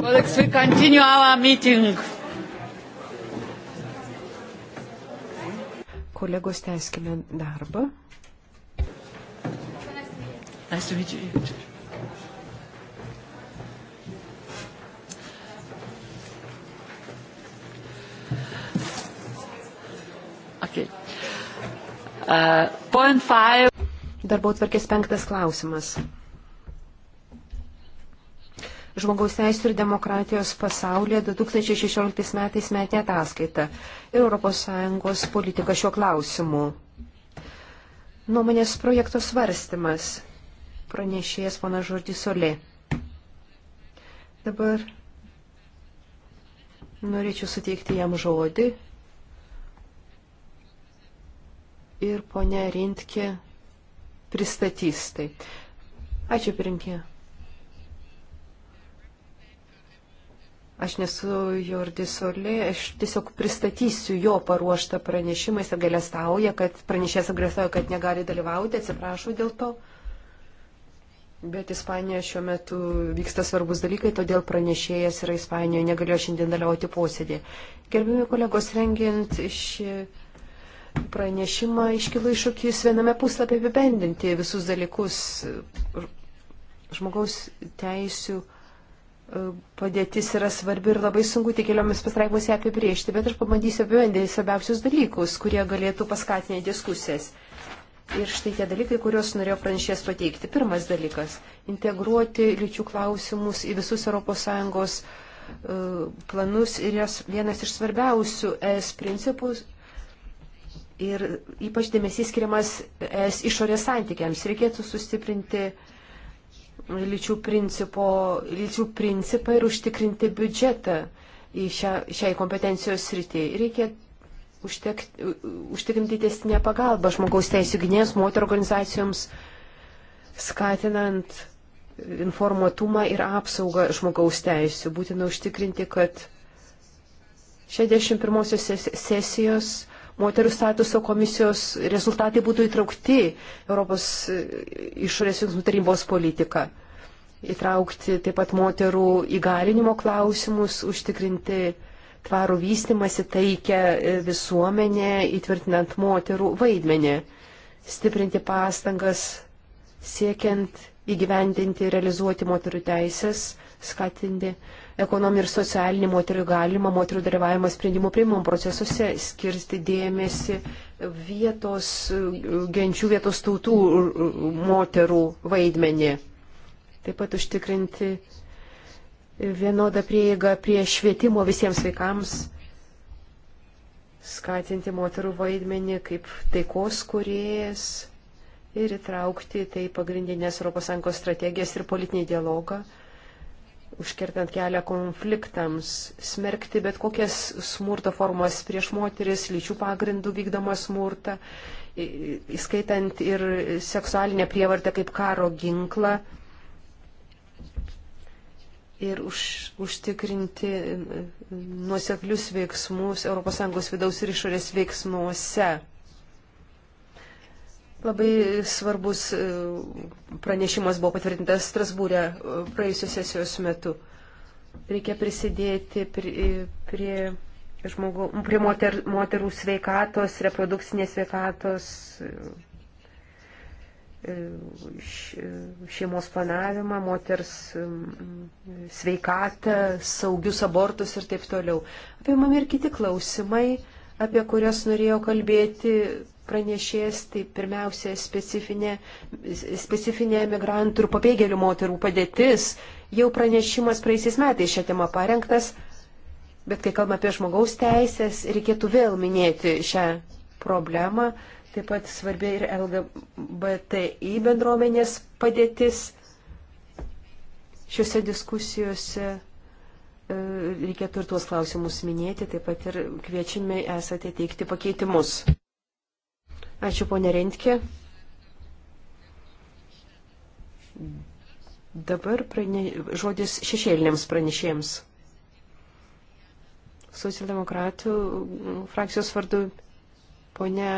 Colleagues, we continue our meeting. Kolegos, tęskime darbą. Nice to meet you. Okay. Uh, Darbo tvarkės penktas klausimas žmogaus teisų ir demokratijos pasaulyje 2016 metais metė ataskaitą ir ES politiką šiuo klausimu. Nuomonės projekto svarstymas. Pranešėjas pana Žordi Solė. Dabar norėčiau suteikti jam žodį. Ir ponia Rintke pristatys tai. Ačiū, pirinkė. Aš nesu Jordi Solė, aš tiesiog pristatysiu jo paruoštą pranešimą, jis apgalėstauja, kad pranešės apgalėstauja, kad negali dalyvauti, atsiprašau dėl to. Bet Ispanijoje šiuo metu vyksta svarbus dalykai, todėl pranešėjas yra Ispanijoje, negalėjo šiandien dalyvauti posėdį. Gerbimi kolegos, rengiant šį pranešimą iškilo iššūkis viename puslapyje apibendinti visus dalykus žmogaus teisų padėtis yra svarbi ir labai sunku tik keliomis pastraipos ją apibriežti, bet aš pabandysiu apibendrinti svarbiausius dalykus, kurie galėtų paskatinti diskusijas. Ir štai tie dalykai, kuriuos norėjo pranešės pateikti. Pirmas dalykas - integruoti lyčių klausimus į visus ES e, planus ir jos vienas iš svarbiausių ES principų ir ypač dėmesys skiriamas ES išorės santykiams. Reikėtų sustiprinti uh, lyčių, principo, lyčių principą ir užtikrinti biudžetą šia, šiai kompetencijos srityje. Reikia užtekti, užtikrinti testinę pagalbą žmogaus teisų gynės moterų organizacijoms, skatinant informuotumą ir apsaugą žmogaus teisų. Būtina užtikrinti, kad 61 sesijos moterų statuso komisijos rezultatai būtų įtraukti Europos e, išorės jungtinių tarybos politiką. Įtraukti taip pat moterų įgalinimo klausimus, užtikrinti tvarų vystimasi taikę e, visuomenę, įtvirtinant moterų vaidmenį, stiprinti pastangas siekiant įgyvendinti, realizuoti moterų teisės, skatinti ekonominį ir socialinį moterį galima, moterių dalyvavimą sprendimų priimimo procesuose, skirsti dėmesį vietos genčių, vietos tautų moterų vaidmenį. Taip pat užtikrinti vienodą prieigą prie švietimo visiems vaikams, skatinti moterų vaidmenį kaip taikos kuriejas ir įtraukti tai pagrindinės ES strategijas ir politinį dialogą užkertant kelią konfliktams, smerkti bet kokias smurto formas prieš moteris, lyčių pagrindų vykdomą smurtą, įskaitant ir seksualinę prievartą kaip karo ginklą. Ir už, užtikrinti nuoseklius veiksmus ES vidaus ir išorės veiksmuose Labai svarbus e, pranešimas buvo patvirtintas Strasbūrė e, praėjusios sesijos metu. Reikia prisidėti prie, prie, žmogu, prie moter, moterų sveikatos, reprodukcinės sveikatos, e, šeimos planavimą, moters sveikatą, saugius abortus ir taip toliau. Apie mami ir kiti klausimai, apie kurias norėjau kalbėti pranešės, tai pirmiausia specifinė, specifinė migrantų ir pabėgėlių moterų padėtis. Jau pranešimas praeisiais metais šią temą parengtas, bet kai kalbame apie žmogaus teisės, reikėtų vėl minėti šią problemą. Taip pat svarbi ir LGBTI bendruomenės padėtis. Šiuose diskusijose e, reikėtų ir tuos klausimus minėti, taip pat ir kviečiami esate teikti pakeitimus. Ačiū, ponė Rentke. Dabar prane... žodis šešėliniams pranešėjams. Socialdemokratų frakcijos vardu ponė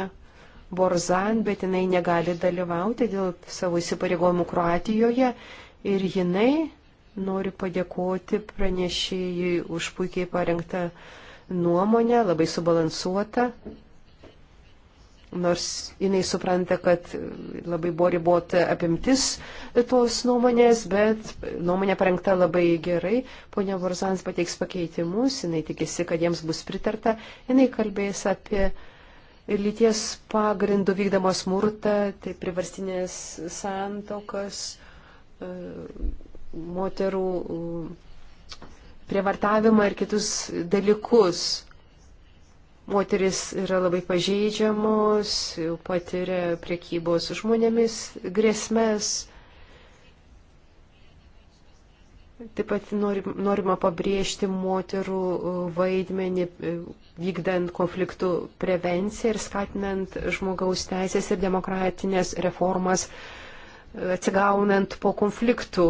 Borzan, bet jinai negali dalyvauti dėl savo įsipareigojimų Kroatijoje ir jinai nori padėkoti pranešėjai už puikiai parengtą nuomonę, labai subalansuotą nors jinai supranta, kad labai buvo ribota apimtis tos nuomonės, bet nuomonė parengta labai gerai. Pone Borzans pateiks pakeitimus, jinai tikisi, kad jiems bus pritarta. Jinai kalbės apie lyties pagrindų vykdomą smurtą, tai privarstinės santokas, e, moterų e, prievartavimą ir kitus dalykus Moteris yra labai pažeidžiamos, jau patiria priekybos žmonėmis grėsmės. Taip pat norima pabrėžti moterų e, vaidmenį e, vykdant konfliktų prevenciją ir skatinant žmogaus teisės ir demokratinės reformas, e, atsigaunant po konfliktų.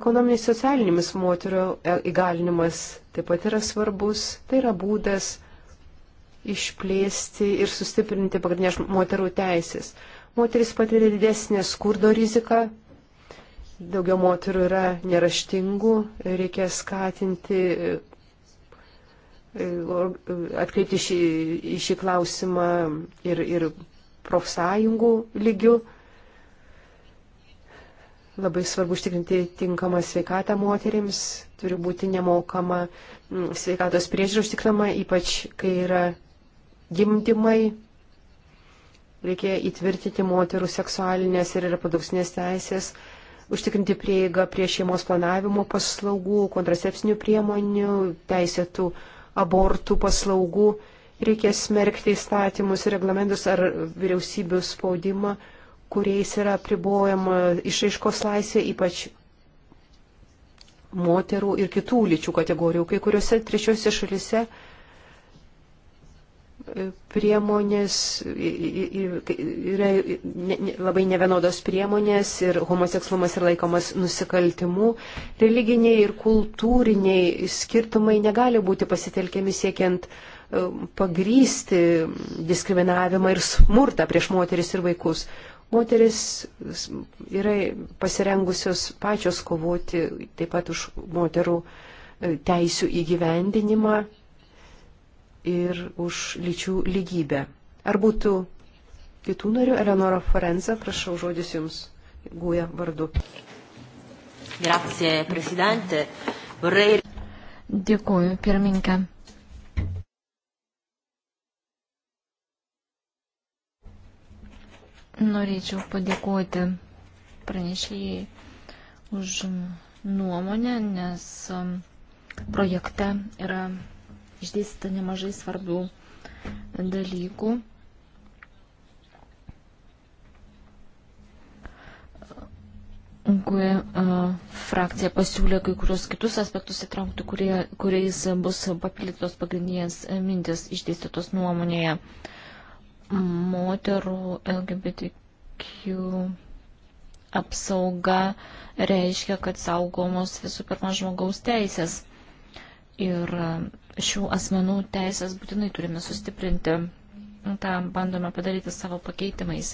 Ekonominis socialinis moterio įgalinimas taip pat yra svarbus, tai yra būdas išplėsti ir sustiprinti pagrindinės moterų teisės. Moteris patiria didesnę skurdo riziką, daugiau moterų yra neraštingų, reikia skatinti, e, atkreipti šį, šį klausimą ir, ir profsąjungų lygių. Labai svarbu užtikrinti tinkamą sveikatą moterims, turi būti nemokama sveikatos priežiūra užtikrinama, ypač kai yra gimdymai, reikia įtvirtinti moterų seksualinės ir reprodukcinės teisės, užtikrinti prieigą prie šeimos planavimo paslaugų, kontracepcinių priemonių, teisėtų abortų paslaugų, reikia smerkti įstatymus ir reglamentus ar vyriausybių spaudimą, kuriais yra pribojama išaiškos laisvė, ypač moterų ir kitų lyčių kategorijų. Kai kuriuose trečiose šalise priemonės, yra labai nevienodos priemonės ir homoseksualumas yra laikomas nusikaltimu. Religiniai ir kultūriniai skirtumai negali būti pasitelkiami siekiant e, pagrysti diskriminavimą ir smurtą prieš moteris ir vaikus. Moteris yra pasirengusios pačios kovoti taip pat už moterų e, teisų įgyvendinimą ir už lyčių lygybę. Ar būtų kitų narių? Eleonora Forenza, prašau žodis Jums, guja vardu. Grazie, prezidente. Vorrei... Dėkuoju, pirmininkė. Norėčiau padėkoti pranešėjai už nuomonę, nes um, projekte yra išdėstyta nemažai svarbių dalykų. Kui, uh, frakcija pasiūlė kai kurios kitus aspektus įtraukti, kurie, kuriais bus papildytos pagrindinės mintis išdėstytos nuomonėje moterų LGBTQ apsauga reiškia, kad saugomos visų pirma žmogaus teisės. Ir šių asmenų teisės būtinai turime sustiprinti. Ta bandome padaryti savo pakeitimais.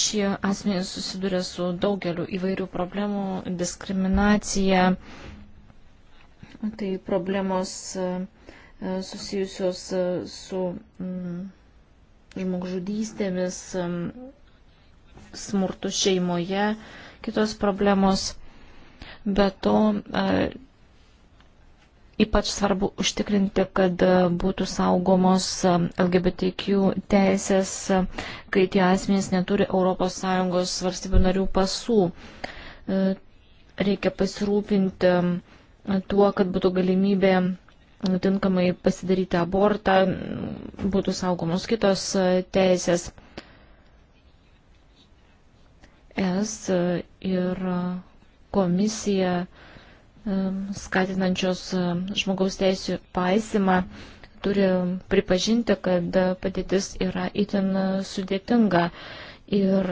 Šie asmenys susiduria su daugeliu įvairių problemų, diskriminacija, tai problemos e, susijusios e, su mm, žmogžudystėmis, e, smurtu šeimoje, kitos problemos. Be to, Ypač svarbu užtikrinti, kad būtų saugomos LGBTQ teisės, kai tie asmenys neturi ES valstybių narių pasų. Reikia pasirūpinti tuo, kad būtų galimybė tinkamai pasidaryti abortą, būtų saugomos kitos teisės. Es ir komisija uh, skatinančios žmogaus teisų paisimą turi pripažinti, kad padėtis yra itin sudėtinga ir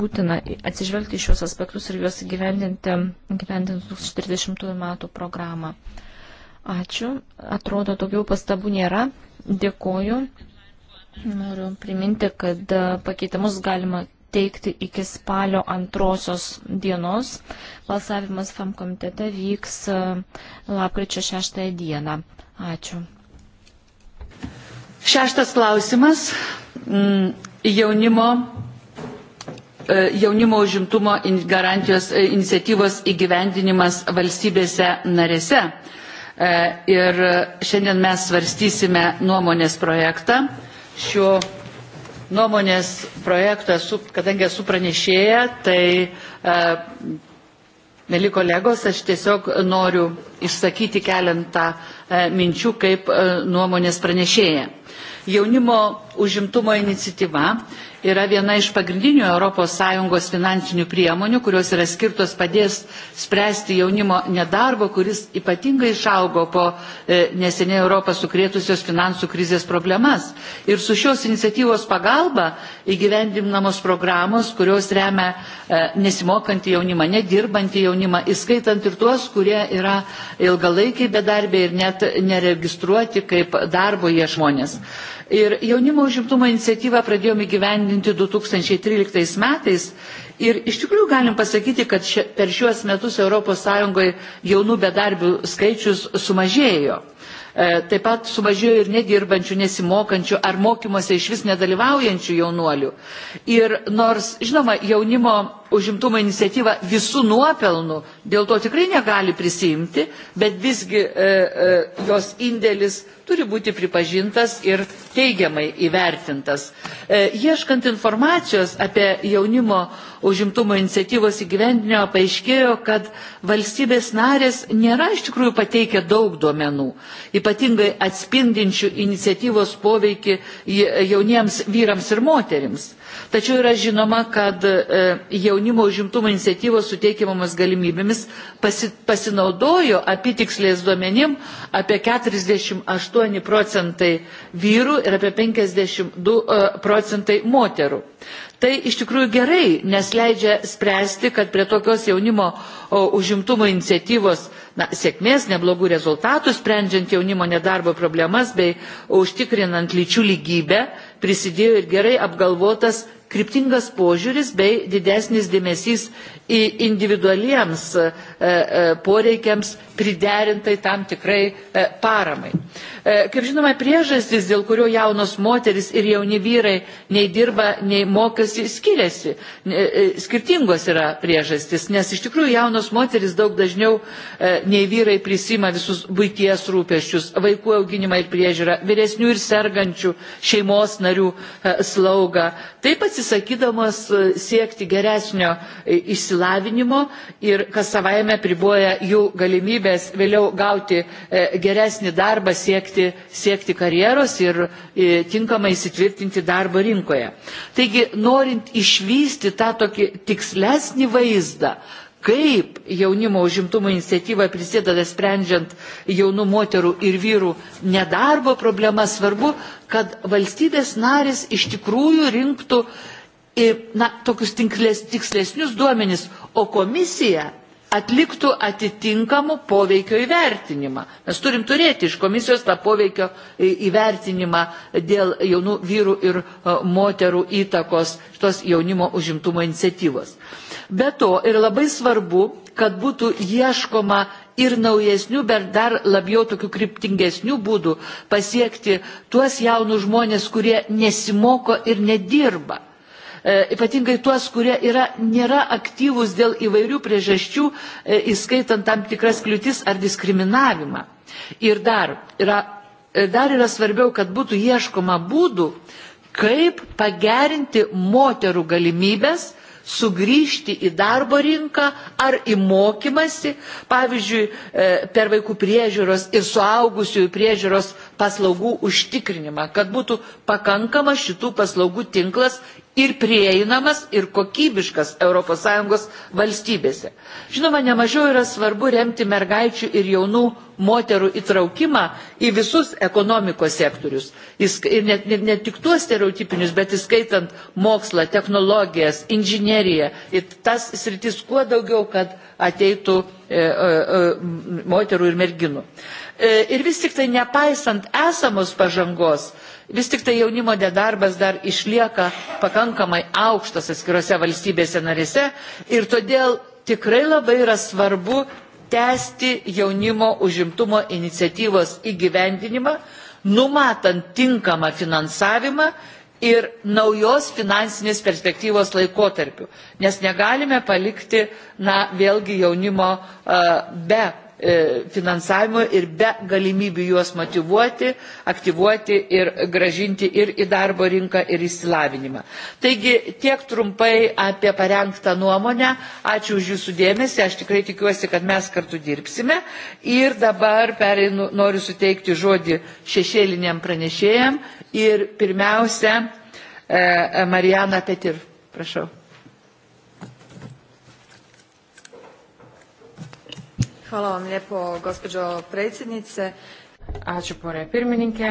būtina atsižvelgti šios aspektus ir juos gyvendinti 2030 metų programą. Ačiū. Atrodo, daugiau pastabų nėra. Dėkoju. Noriu priminti, kad pakeitimus galima teikti iki spalio antrosios dienos. Balsavimas FAM komitete vyks e, lapkričio šeštąją dieną. Ačiū. Šeštas klausimas. Mm, jaunimo e, jaunimo užimtumo garantijos e, iniciatyvos įgyvendinimas valstybėse narėse. Ir šiandien mes svarstysime nuomonės projektą šiuo nuomonės projektą, kadangi esu pranešėja, tai, e, mėly kolegos, aš tiesiog noriu išsakyti keletą e, minčių kaip e, nuomonės pranešėja. Jaunimo užimtumo iniciatyva yra viena iš pagrindinių ES finansinių priemonių, kurios yra skirtos padės spręsti jaunimo nedarbo, kuris ypatingai išaugo po e, neseniai Europą sukrėtusios finansų krizės problemas. Ir su šios iniciatyvos pagalba įgyvendinamos programos, kurios remia e, nesimokantį jaunimą, nedirbantį jaunimą, įskaitant ir tuos, kurie yra ilgalaikiai bedarbiai ir net neregistruoti kaip darbo jie žmonės. Ir jaunimo jaunimo užimtumo iniciatyvą pradėjome gyvendinti 2013 metais ir iš tikrųjų galim pasakyti, kad šia, per šiuos metus ES jaunų bedarbių skaičius sumažėjo. E, taip pat sumažėjo ir nedirbančių, nesimokančių ar mokymuose iš vis nedalyvaujančių jaunuolių. Ir nors, žinoma, jaunimo užimtumo iniciatyva visų nuopelnų dėl to tikrai negali prisimti, bet visgi e, e, jos indėlis turi būti pripažintas ir teigiamai įvertintas. E, ieškant informacijos apie jaunimo užimtumo iniciatyvos įgyvendinimą, paaiškėjo, kad valstybės narės nėra iš tikrųjų pateikę daug duomenų, ypatingai atspindinčių iniciatyvos poveikį jauniems vyrams ir moterims. Tačiau yra žinoma, kad e, jaunimo užimtumo iniciatyvos suteikiamomis galimybėmis pasinaudojo apitiksliais duomenim apie 48 procentai vyrų ir apie 52 e, procentai moterų. Tai iš tikrųjų gerai, nes leidžia spręsti, kad prie tokios jaunimo užimtumo iniciatyvos na, sėkmės, neblogų rezultatų, sprendžiant jaunimo nedarbo problemas bei užtikrinant lyčių lygybę, prisidėjo ir gerai apgalvotas kryptingas požiūris bei didesnis dėmesys individualiems e, e, poreikiams priderintai tam tikrai e, paramai. Kaip žinoma, priežastys, dėl kurio jaunos moteris ir jauni vyrai nei dirba, nei mokasi, skiriasi. Skirtingos yra priežastys, nes iš tikrųjų jaunos moteris daug dažniau nei vyrai prisima visus būties rūpeščius, vaikų auginimą ir priežiūrą, vyresnių ir sergančių šeimos narių slaugą. Taip atsisakydamos siekti geresnio išsilavinimo išsilavinimo ir kas savaime priboja jų galimybės vėliau gauti e, geresnį darbą, siekti, siekti karjeros ir e, tinkamai įsitvirtinti darbo rinkoje. Taigi, norint išvysti tą tokį tikslesnį vaizdą, kaip jaunimo užimtumo iniciatyva prisideda sprendžiant jaunų moterų ir vyrų nedarbo problemas, svarbu, kad valstybės narės iš tikrųjų rinktų na, tokius tinklės, tikslesnius duomenis, o komisija atliktų atitinkamų poveikio įvertinimą. Mes turim turėti iš komisijos tą poveikio įvertinimą dėl jaunų vyrų ir e, moterų įtakos šitos jaunimo užimtumo iniciatyvos. Be to ir labai svarbu, kad būtų ieškoma ir naujesnių, bet dar labiau tokių kryptingesnių būdų pasiekti tuos jaunus žmonės, kurie nesimoko ir nedirba E, ypatingai tuos, kurie yra, nėra aktyvūs dėl įvairių priežasčių, e, įskaitant tam tikras kliūtis ar diskriminavimą. Ir dar yra, e, dar yra svarbiau, kad būtų ieškoma būdų, kaip pagerinti moterų galimybės sugrįžti į darbo rinką ar į mokymasi, pavyzdžiui, per vaikų priežiūros ir suaugusiųjų priežiūros paslaugų užtikrinimą, kad būtų pakankama šitų paslaugų tinklas ir prieinamas, ir kokybiškas ES valstybėse. Žinoma, nemažiau yra svarbu remti mergaičių ir jaunų moterų įtraukimą į visus ekonomikos sektorius, ir ne, ne, ne tik tuos stereotipinius, bet įskaitant mokslą, technologijas, inžineriją, ir tas sritis kuo daugiau, kad ateitų e, e, e moterų ir merginų. E, ir vis tik tai nepaisant esamos pažangos, vis tik tai jaunimo nedarbas dar išlieka pakankamai aukštas atskirose valstybėse narėse ir todėl tikrai labai yra svarbu tęsti jaunimo užimtumo iniciatyvos įgyvendinimą, numatant tinkamą finansavimą ir naujos finansinės perspektyvos laikotarpiu, nes negalime palikti, na, vėlgi jaunimo be E, finansavimo ir be galimybių juos motivuoti, aktyvuoti ir gražinti ir į darbo rinką, ir įsilavinimą. Taigi tiek trumpai apie parengtą nuomonę. Ačiū už Jūsų dėmesį, aš tikrai tikiuosi, kad mes kartu dirbsime. Ir dabar pereinu, noriu suteikti žodį šešėliniam pranešėjam ir pirmiausia, e, Marijana Petir. Prašau. Hvala vam lijepo, gospođo predsjednice. Ačiū, porė pirmininkė.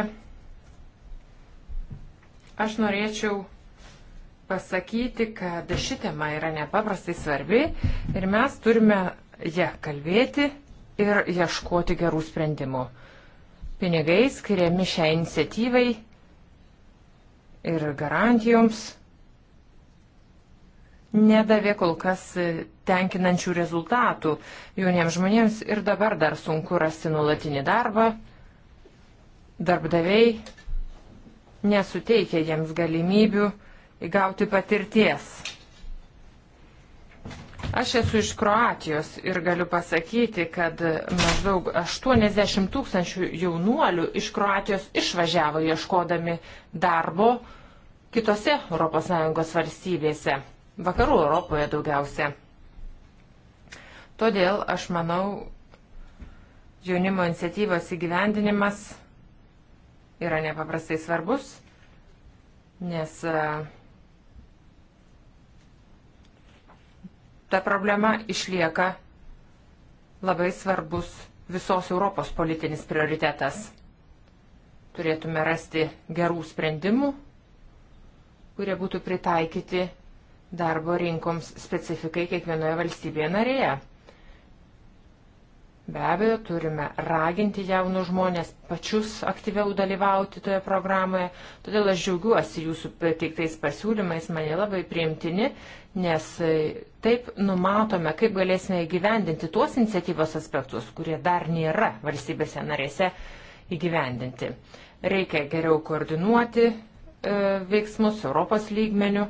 Aš norėčiau pasakyti, kad ši tema yra nepaprastai svarbi ir mes turime ją kalbėti ir ieškoti gerų sprendimų. Pinigai skiriami šią iniciatyvai ir garantijoms nedavė kol kas tenkinančių rezultatų. Jauniems žmonėms ir dabar dar sunku rasti nulatinį darbą. Darbdaviai nesuteikia jiems galimybių įgauti patirties. Aš esu iš Kroatijos ir galiu pasakyti, kad maždaug 80 tūkstančių jaunuolių iš Kroatijos išvažiavo ieškodami darbo kitose ES valstybėse, vakarų Europoje daugiausia. Todėl aš manau, jaunimo iniciatyvos įgyvendinimas yra nepaprastai svarbus, nes e, ta problema išlieka labai svarbus visos Europos politinis prioritetas. Turėtume rasti gerų sprendimų, kurie būtų pritaikyti darbo rinkoms specifikai kiekvienoje valstybėje narėje. Be abejo, turime raginti jaunus žmonės pačius aktyviau dalyvauti toje programoje, todėl aš džiaugiuosi jūsų teiktais pasiūlymais, mane labai priimtini, nes taip numatome, kaip galėsime įgyvendinti tuos iniciatyvos aspektus, kurie dar nėra valstybėse narėse įgyvendinti. Reikia geriau koordinuoti e, veiksmus Europos lygmenių,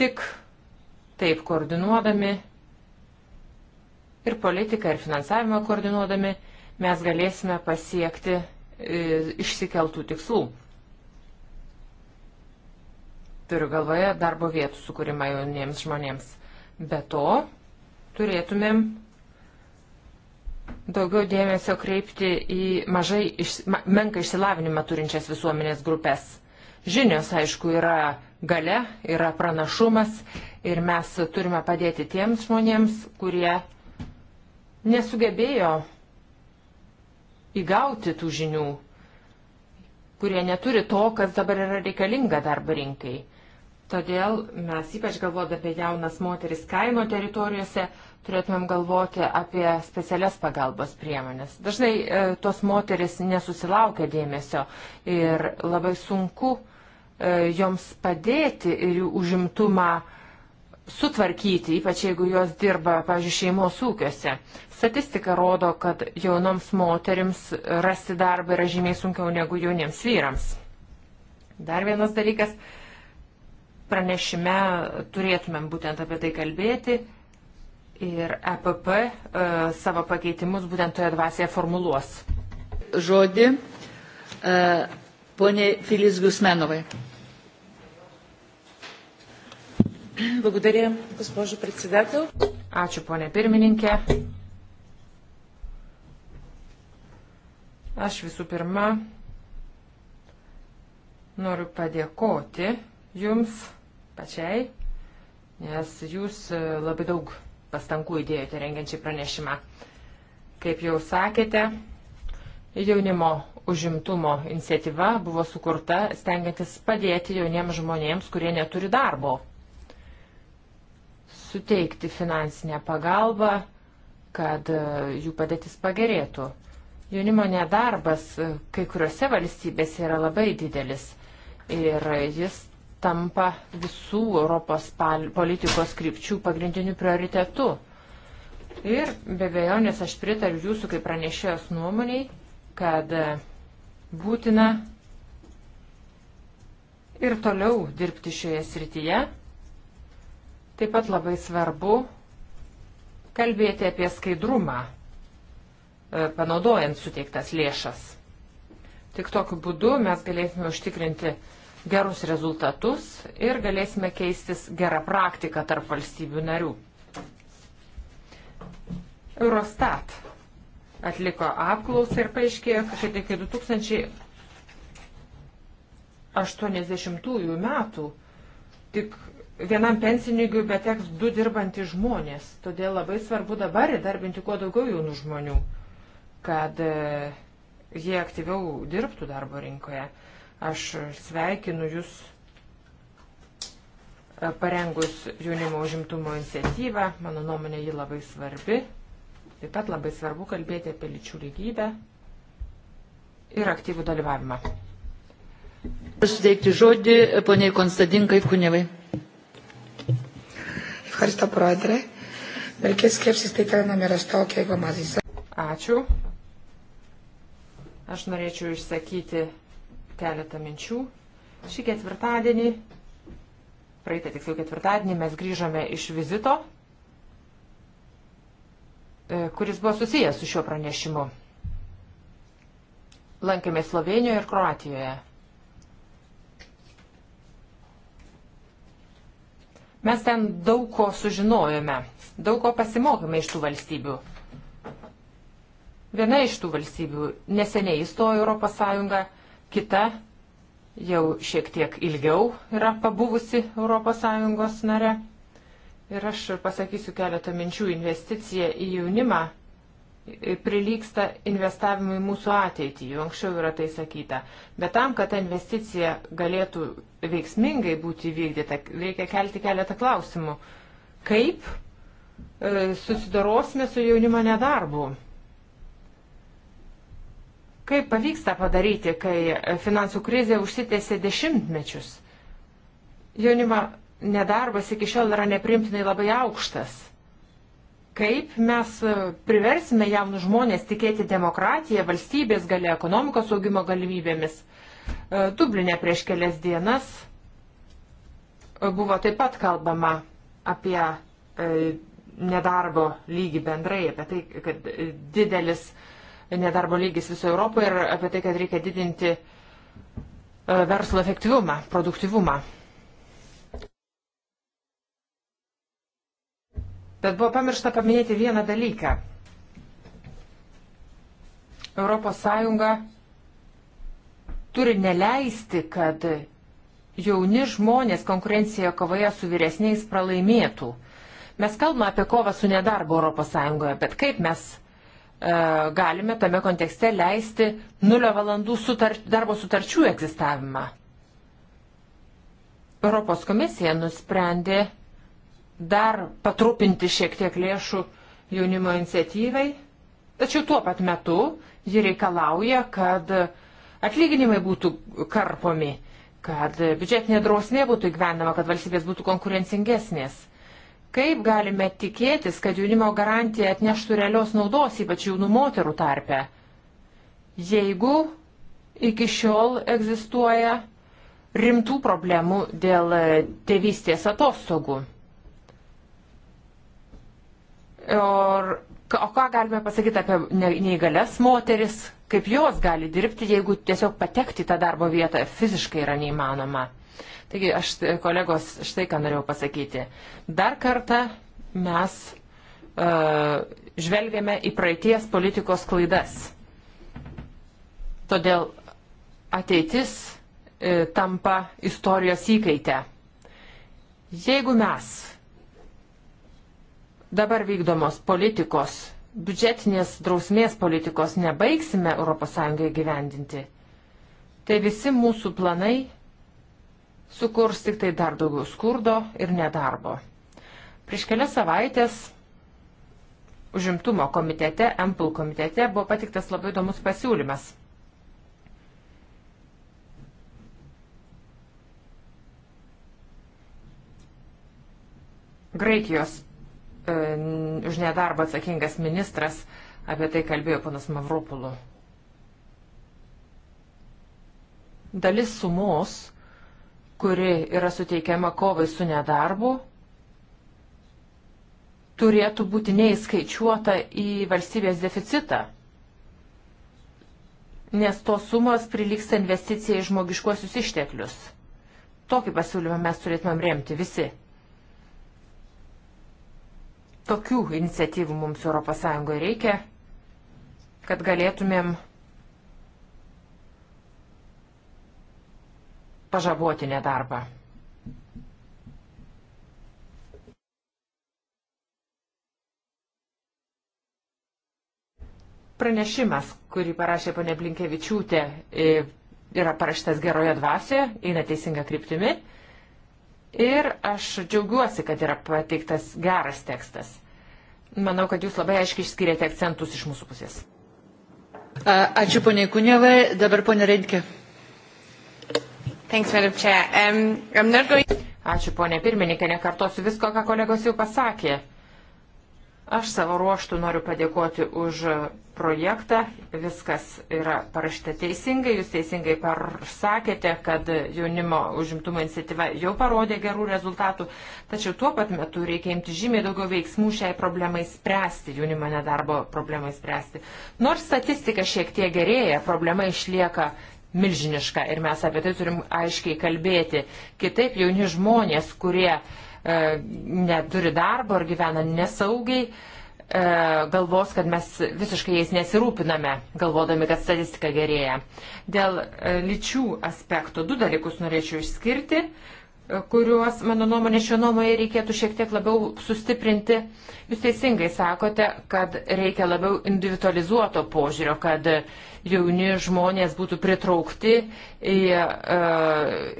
tik taip koordinuodami ir politiką, ir finansavimą koordinuodami mes galėsime pasiekti e, išsikeltų tikslų. Turiu galvoje darbo vietų sukūrimą jauniems žmonėms. Be to, turėtumėm daugiau dėmesio kreipti į mažai iš, ma, menką išsilavinimą turinčias visuomenės grupės. Žinios, aišku, yra gale, yra pranašumas ir mes turime padėti tiems žmonėms, kurie nesugebėjo įgauti tų žinių, kurie neturi to, kas dabar yra reikalinga darbo rinkai. Todėl mes ypač galvodami apie jaunas moteris kaimo teritorijose turėtumėm galvoti apie specialias pagalbos priemonės. Dažnai e, tos moteris nesusilaukia dėmesio ir labai sunku e, joms padėti ir jų užimtumą e, sutvarkyti, ypač jeigu jos dirba, pavyzdžiui, šeimos ūkiuose. Statistika rodo, kad jaunoms moterims rasti darbą yra žymiai sunkiau negu jauniems vyrams. Dar vienas dalykas, pranešime turėtumėm būtent apie tai kalbėti ir EPP e, savo pakeitimus būtent toje dvasėje formuluos. Žodį e, poniai Filis Gusmenovai. Благодаря, госпожо председател. Ačiū, ponė pirmininkė. Aš visų pirma noriu padėkoti jums pačiai, nes jūs e, labai daug pastangų įdėjote rengiančiai pranešimą. Kaip jau sakėte, jaunimo užimtumo iniciatyva buvo sukurta stengiantis padėti jauniems žmonėms, kurie neturi darbo suteikti finansinę pagalbą, kad e, jų padėtis pagerėtų. Jaunimo nedarbas e, kai kuriuose valstybėse yra labai didelis ir jis tampa visų Europos politikos krypčių pagrindiniu prioritetu. Ir be bejonės aš pritariu jūsų kaip pranešėjos nuomoniai, kad e, būtina ir toliau dirbti šioje srityje Taip pat labai svarbu kalbėti apie skaidrumą, e, panaudojant suteiktas lėšas. Tik tokiu būdu mes galėsime užtikrinti gerus rezultatus ir galėsime keistis gerą praktiką tarp valstybių narių. Eurostat atliko apklausą ir paaiškėjo, kad iki 2080 metų tik vienam pensininkui beteks du dirbantys žmonės. Todėl labai svarbu dabar įdarbinti kuo daugiau jaunų žmonių, kad e, jie aktyviau dirbtų darbo rinkoje. Aš sveikinu Jūs e, parengus jaunimo užimtumo iniciatyvą. Mano nuomonė ji labai svarbi. Taip pat labai svarbu kalbėti apie lyčių lygybę ir aktyvų dalyvavimą. Suteikti žodį poniai Konstadinkai Kunevai. Ευχαριστώ, Πρόεδρε. Μερικές σκέψεις θα ήθελα να μοιραστώ και εγώ μαζί σας. Ačiū. Aš norėčiau išsakyti keletą minčių. Šį ketvirtadienį, praeitą tiksliau ketvirtadienį, mes grįžome iš vizito, e, kuris buvo susijęs su šiuo pranešimu. Lankėmės Slovenijoje ir Kroatijoje. Mes ten daug ko sužinojome, daug ko pasimokėme iš tų valstybių. Viena iš tų valstybių neseniai įstojo Europos Sąjungą, kita jau šiek tiek ilgiau yra pabuvusi Europos Sąjungos nare. Ir aš pasakysiu keletą minčių investiciją į jaunimą prilyksta investavimui mūsų ateitį, jau anksčiau yra tai sakyta. Bet tam, kad ta investicija galėtų veiksmingai būti vykdyta, reikia kelti keletą klausimų. Kaip e, susidorosime su jaunimo nedarbu? Kaip pavyksta padaryti, kai finansų krizė užsitėsi dešimtmečius? Jaunimo nedarbas iki šiol yra neprimtinai labai aukštas kaip mes e, priversime jaunus žmonės tikėti demokratiją, valstybės galia, ekonomikos augimo galimybėmis. E, Dublinė prieš kelias dienas e, buvo taip pat kalbama apie nedarbo lygį bendrai, apie tai, kad didelis nedarbo lygis visoje Europoje ir apie tai, kad reikia didinti verslo efektyvumą, produktyvumą. Bet buvo pamiršta paminėti vieną dalyką. Europos Sąjunga turi neleisti, kad jauni žmonės konkurencijoje kovoje su vyresniais pralaimėtų. Mes kalbame apie kovą su nedarbu Europos Sąjungoje, bet kaip mes e, galime tame kontekste leisti nulio valandų sutar, darbo sutarčių egzistavimą. Europos komisija nusprendė dar patrupinti šiek tiek lėšų jaunimo iniciatyvai, tačiau tuo pat metu ji reikalauja, kad atlyginimai būtų karpomi, kad biudžetinė drausmė būtų įgyvendama, kad valstybės būtų konkurencingesnės. Kaip galime tikėtis, kad jaunimo garantija atneštų realios naudos, ypač jaunų moterų tarpe, jeigu iki šiol egzistuoja rimtų problemų dėl tėvystės atostogų? Ir, o ką galime pasakyti apie neįgalias moteris, kaip jos gali dirbti, jeigu tiesiog patekti į tą darbo vietą fiziškai yra neįmanoma. Taigi, aš, kolegos, štai ką norėjau pasakyti. Dar kartą mes uh, žvelgiame į praeities politikos klaidas. Todėl ateitis uh, tampa istorijos įkaitę. Jeigu mes dabar vykdomos politikos, biudžetinės drausmės politikos nebaigsime ES gyvendinti, tai visi mūsų planai sukurs tik tai dar daugiau skurdo ir nedarbo. Prieš kelias savaitės užimtumo komitete, MPL komitete buvo patiktas labai įdomus pasiūlymas. Graikijos E, už nedarbą atsakingas ministras apie tai kalbėjo panas Mavrupulų. Dalis sumos, kuri yra suteikiama kovai su nedarbu, turėtų būti neįskaičiuota į valstybės deficitą, nes tos sumos priliksta investicijai žmogiškuosius išteklius. Tokį pasiūlymą mes turėtumėm remti visi. Tokių iniciatyvų mums ES reikia, kad galėtumėm pažaboti nedarbą. pranešimas, kurį parašė ponė Blinkevičiūtė, yra parašytas geroje dvasioje, eina teisinga kryptimi. Ir aš džiaugiuosi, kad yra pateiktas geras tekstas. Manau, kad jūs labai aiškiai išskiriate akcentus iš mūsų pusės. Ačiū ponia Kunievai, dabar ponia Renkė. Um, ačiū ponia pirmininkė, nekartosiu visko, ką kolegos jau pasakė. Aš savo ruoštų noriu padėkoti už projektą. Viskas yra parašta teisingai. Jūs teisingai pasakėte, kad jaunimo užimtumo iniciatyva jau parodė gerų rezultatų. Tačiau tuo pat metu reikia imti žymiai daugiau veiksmų šiai problemai spręsti, jaunimo nedarbo problemai spręsti. Nors statistika šiek tiek gerėja, problema išlieka milžiniška ir mes apie tai turim aiškiai kalbėti. Kitaip jauni žmonės, kurie uh, E, neturi darbo ar gyvena nesaugiai, e, galvos, kad mes visiškai jais nesirūpiname, galvodami, kad statistika gerėja. Dėl e, lyčių aspektų du dalykus norėčiau išskirti kuriuos, mano nuomonė, šio nuomoje reikėtų šiek tiek labiau sustiprinti. Jūs teisingai sakote, kad reikia labiau individualizuoto požiūrio, kad jauni žmonės būtų pritraukti į uh,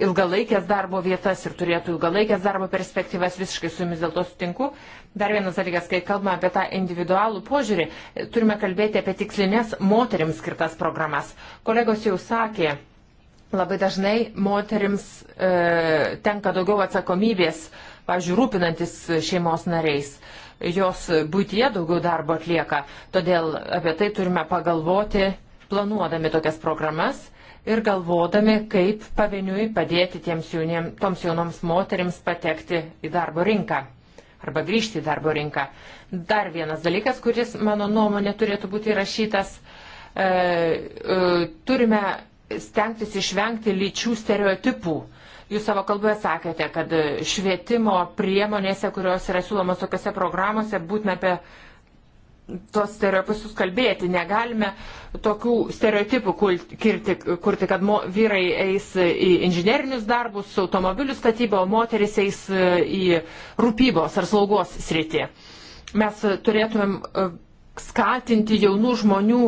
ilgalaikės darbo vietas ir turėtų ilgalaikės darbo perspektyvas. Visiškai su jumis dėl to sutinku. Dar vienas dalykas, kai kalbame apie tą individualų požiūrį, turime kalbėti apie tikslinės moteriams skirtas programas. Kolegos jau sakė, Labai dažnai moterims e, tenka daugiau atsakomybės, pavyzdžiui, rūpinantis šeimos nariais. Jos būtyje daugiau darbo atlieka, todėl apie tai turime pagalvoti, planuodami tokias programas ir galvodami, kaip pavieniui padėti tiems jauniem, toms jaunoms moteriams patekti į darbo rinką arba grįžti į darbo rinką. Dar vienas dalykas, kuris, mano nuomonė, turėtų būti įrašytas, e, e, turime stengtis išvengti lyčių stereotipų. Jūs savo kalboje sakėte, kad švietimo priemonėse, kurios yra siūlomos tokiuose programuose, būtina apie tos stereotipus kalbėti. Negalime tokių stereotipų kurti, kurti kad mo, vyrai eis į inžinerinius darbus, automobilių statybą, o moteris eis e, į rūpybos ar slaugos sritį. Mes turėtumėm e, skatinti jaunų žmonių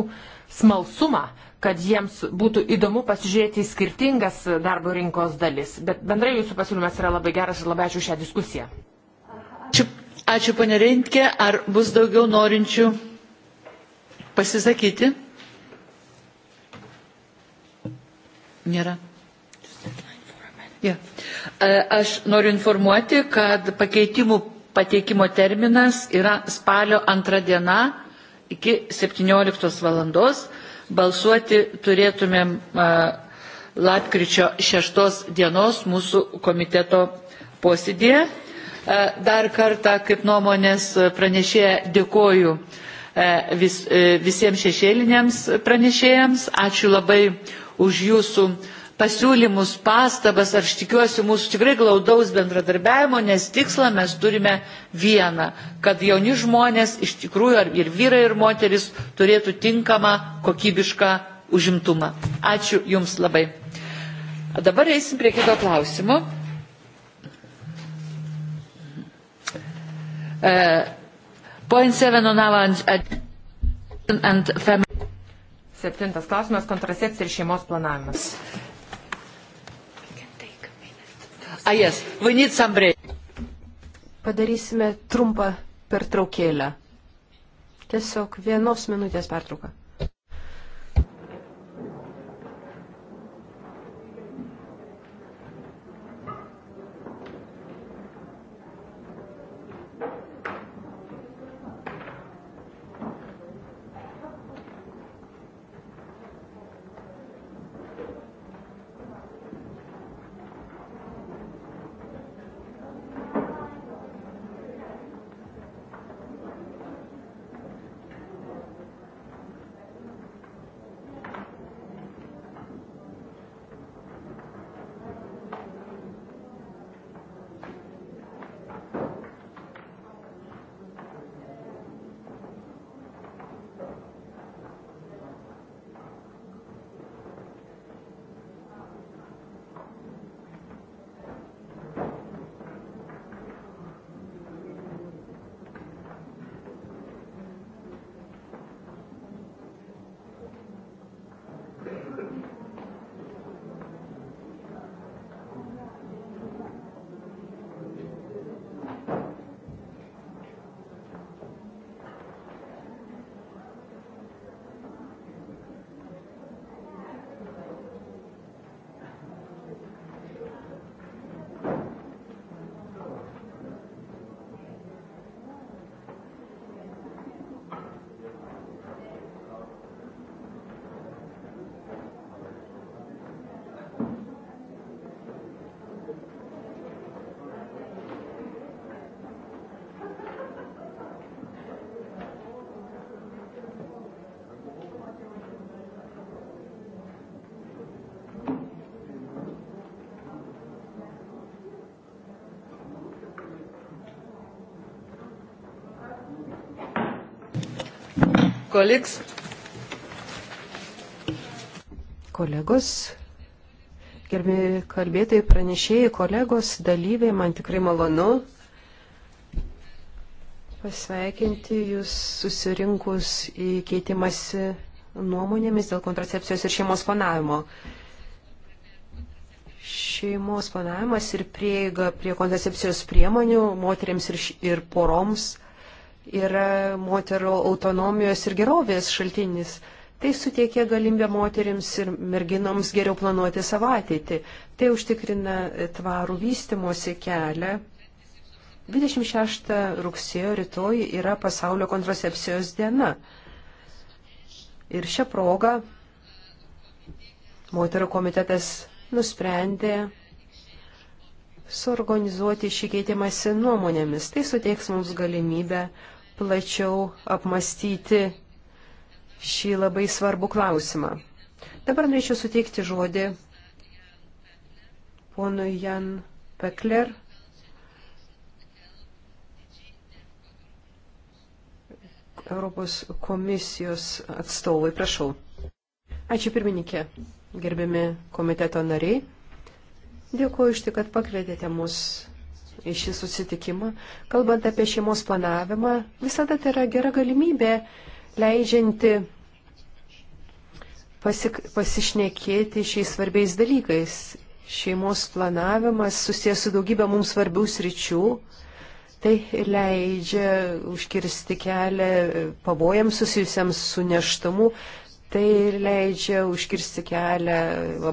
smalsumą kad jiems būtų įdomu pasižiūrėti į skirtingas darbo rinkos dalis. Bet bendrai jūsų pasiūlymas yra labai geras ir labai ačiū šią diskusiją. Ačiū, ačiū ponė Reintke. Ar bus daugiau norinčių pasisakyti? Nėra. Yeah. E, aš noriu informuoti, kad pakeitimų pateikimo terminas yra spalio antrą dieną iki 17 valandos. Balsuoti turėtumėm lapkričio 6 dienos mūsų komiteto posėdėje. Dar kartą, kaip nuomonės pranešėja, dėkoju vis, visiems šešėliniams pranešėjams. Ačiū labai už jūsų pasiūlymus, pastabas, aš tikiuosi mūsų tikrai glaudaus bendradarbiavimo, nes tikslą mes turime vieną, kad jauni žmonės iš tikrųjų ir vyrai, ir moteris turėtų tinkamą, kokybišką užimtumą. Ačiū Jums labai. A dabar eisim prie kito klausimo. Uh, point seven on our and family. Septintas klausimas - kontrasekcija ir šeimos planavimas. Ah, yes. We need some break. Padarysime trumpą pertraukėlę. Tiesiog vienos minutės pertrauką. colleagues. Kolegos, gerbėjai kalbėtojai, pranešėjai, kolegos, dalyviai, man tikrai malonu pasveikinti jūs susirinkus į keitimąsi nuomonėmis dėl kontracepcijos ir šeimos planavimo. Šeimos planavimas ir prieiga prie kontracepcijos priemonių moteriams ir, ir poroms – yra moterų autonomijos ir gerovės šaltinis. Tai suteikia galimybę moteriams ir merginoms geriau planuoti savo ateitį. Tai užtikrina tvarų vystimosi kelią. 26 rugsėjo rytoj yra pasaulio kontracepcijos diena. Ir šią progą moterų komitetas nusprendė suorganizuoti šį keitimąsi nuomonėmis. Tai suteiks mums galimybę plačiau apmastyti šį labai svarbų klausimą. Dabar norėčiau suteikti žodį ponui Jan Pekler. Europos komisijos atstovai, prašau. Ačiū pirmininkė, gerbiami komiteto nariai. Dėkuoju iš tik, kad pakvietėte mus į šį susitikimą. Kalbant apie šeimos planavimą, visada tai yra gera galimybė leidžianti pasik, pasišnekėti šiais svarbiais dalykais. Šeimos planavimas susijęs su daugybė mums svarbių sričių. Tai leidžia užkirsti kelią pavojams susijusiams su neštamu, tai leidžia užkirsti kelią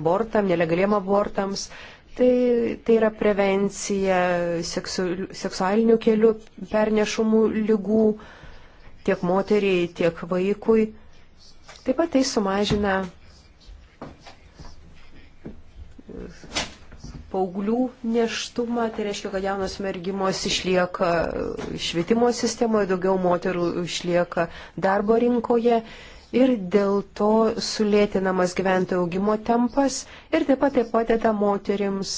abortam, nelegaliem abortams, Tai, tai yra prevencija seksu, seksualinių kelių pernešamų lygų tiek moteriai, tiek vaikui. Taip pat tai sumažina paauglių neštumą, tai reiškia, kad jaunos mergimos išlieka švietimo sistemoje, daugiau moterų išlieka darbo rinkoje ir dėl to sulėtinamas gyventojų augimo tempas ir taip pat tai padeda moterims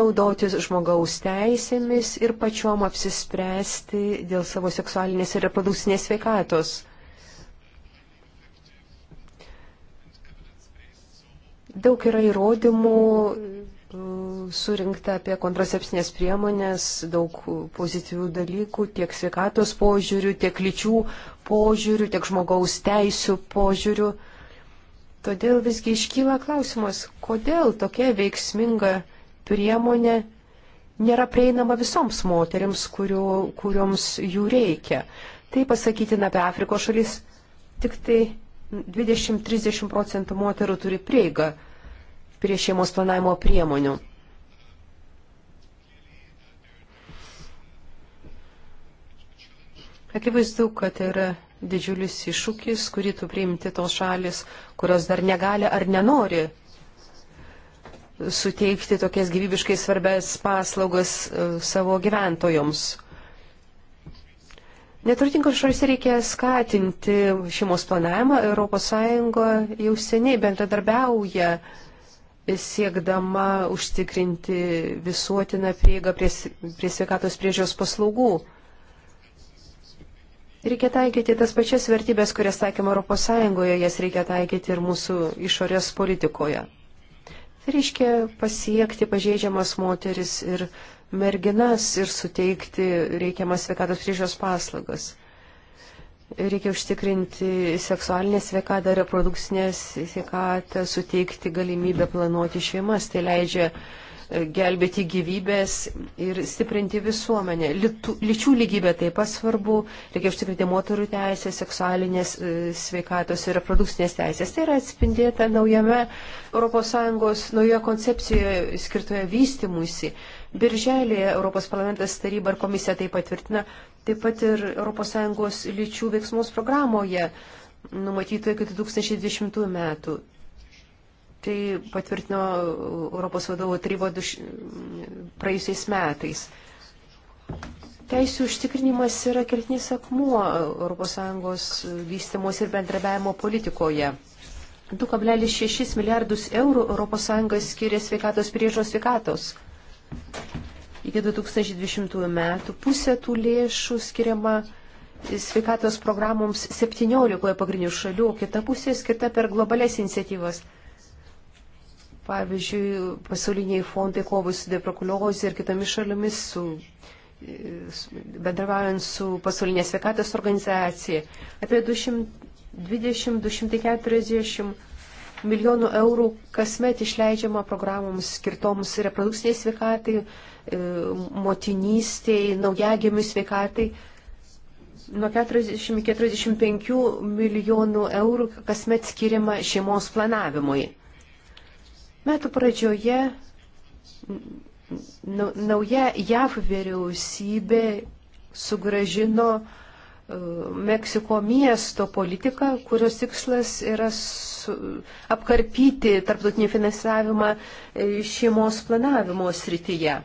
naudotis žmogaus teisėmis ir pačiom apsispręsti dėl savo seksualinės ir reprodukcinės sveikatos. Daug yra įrodymų surinkta apie kontracepcinės priemonės, daug pozityvių dalykų tiek sveikatos požiūrių, tiek lyčių požiūrių, tiek žmogaus teisų požiūrių. Todėl visgi iškyla klausimas, kodėl tokia veiksminga priemonė nėra prieinama visoms moteriams, kurio, kurioms jų reikia. Tai pasakytina apie Afrikos šalis, tik tai 20-30 procentų moterų turi prieigą prie šeimos planavimo priemonių. Akivaizdu, kad yra didžiulis iššūkis, kurį tu priimti tos šalis, kurios dar negali ar nenori suteikti tokias gyvybiškai svarbės paslaugas e, savo gyventojams. Neturtingos šalis reikia skatinti šeimos planavimą. ES jau seniai bendradarbiauja uh, siekdama užtikrinti visuotiną prieigą prie, prie sveikatos priežios paslaugų. Reikia taikyti tas pačias vertybės, kurias taikėme ES, jas reikia taikyti ir mūsų išorės politikoje. Tai reiškia pasiekti pažeidžiamas moteris ir merginas ir suteikti reikiamas sveikatos priežios paslaugas. Reikia užtikrinti seksualinę sveikatą, reprodukcinę sveikatą, suteikti galimybę planuoti šeimas. Tai leidžia e, gelbėti gyvybės ir stiprinti visuomenę. Litu, lyčių lygybė taip pat svarbu. Reikia užtikrinti moterų teisės, seksualinės e, sveikatos ir reprodukcinės teisės. Tai yra atspindėta naujame ES naujoje koncepcijoje skirtoje vystimuisi. Birželį Europos parlamentas taryba ir komisija tai patvirtina, taip pat ir ES lyčių veiksmos programoje numatytoje iki 2020 metų. Tai patvirtino Europos vadovo taryba praėjusiais metais. Teisų užtikrinimas yra kertinis akmuo ES vystimos ir bendrabiavimo politikoje. 2,6 milijardus eurų ES skiria sveikatos priežos sveikatos Iki 2020 metų pusė tų lėšų skiriama sveikatos programoms 17 pagrindinių šalių, kita pusė skirta per globales iniciatyvas. Pavyzdžiui, pasauliniai fondai kovai su deprokuliozė ir kitomis šalimis, su, su, e, bendravaujant su pasaulinė sveikatos organizacija. Apie 220-240 milijonų eurų kasmet išleidžiama programoms skirtoms reprodukciniai sveikatai, e, motinystiai, naujagimių sveikatai. Nuo 40 iki 45 milijonų eurų kasmet skiriama šeimos planavimui. Metų pradžioje nauja JAV vyriausybė sugražino e, Meksiko miesto politiką, kurios tikslas yra apkarpyti tarptautinį finansavimą e, šeimos planavimo srityje. E,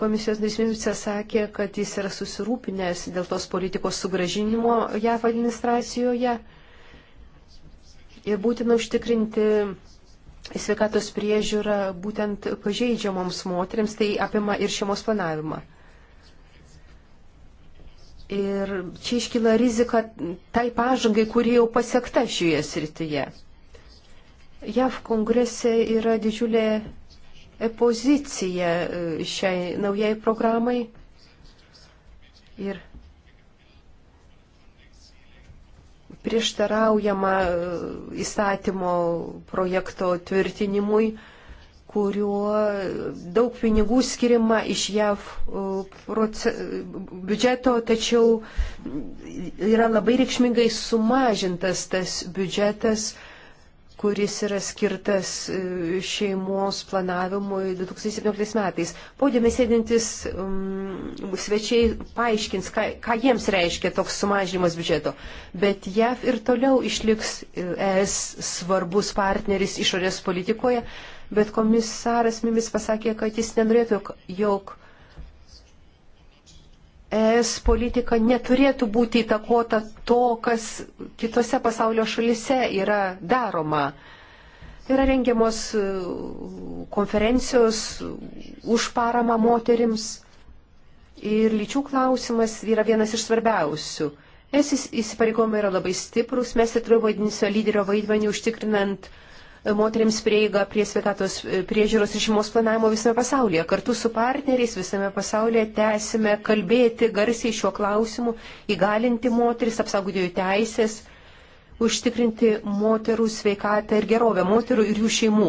komisijos narys Mimicė sakė, kad jis yra susirūpinęs dėl tos politikos sugražinimo JAV administracijoje ir būtina užtikrinti sveikatos priežiūrą būtent pažeidžiamoms moteriams, tai apima ir šeimos planavimą. Ir čia iškyla rizika tai pažangai, kuri jau pasiekta šioje srityje. JAV kongrese yra didžiulė pozicija e, šiai naujai programai. Ir prieštaraujama e, įstatymo projekto tvirtinimui kuriuo daug pinigų skirima iš JAV e, biudžeto, tačiau yra labai reikšmingai sumažintas tas biudžetas, kuris yra skirtas e, šeimos planavimui 2017 metais. Podėme sėdintis um, mm, svečiai paaiškins, ką, ką jiems reiškia toks sumažinimas biudžeto. Bet JAV ir toliau išliks e, ES svarbus partneris išorės politikoje. Uh, bet komisaras Mimis pasakė, kad jis nenorėtų, jog ES politika neturėtų būti įtakota to, kas kitose pasaulio šalise yra daroma. Yra rengiamos uh, konferencijos už paramą moterims ir lyčių klausimas yra vienas iš svarbiausių. Es įsipareigomai yra labai stiprus, mes įtruvo didinusio lyderio vaidmenį užtikrinant uh, moteriams prieigą prie sveikatos e, priežiūros ir šeimos planavimo visame pasaulyje. Kartu su partneriais visame pasaulyje tęsime kalbėti garsiai šiuo klausimu, įgalinti moteris, apsaugoti jų teisės, užtikrinti moterų sveikatą ir gerovę moterų ir jų šeimų.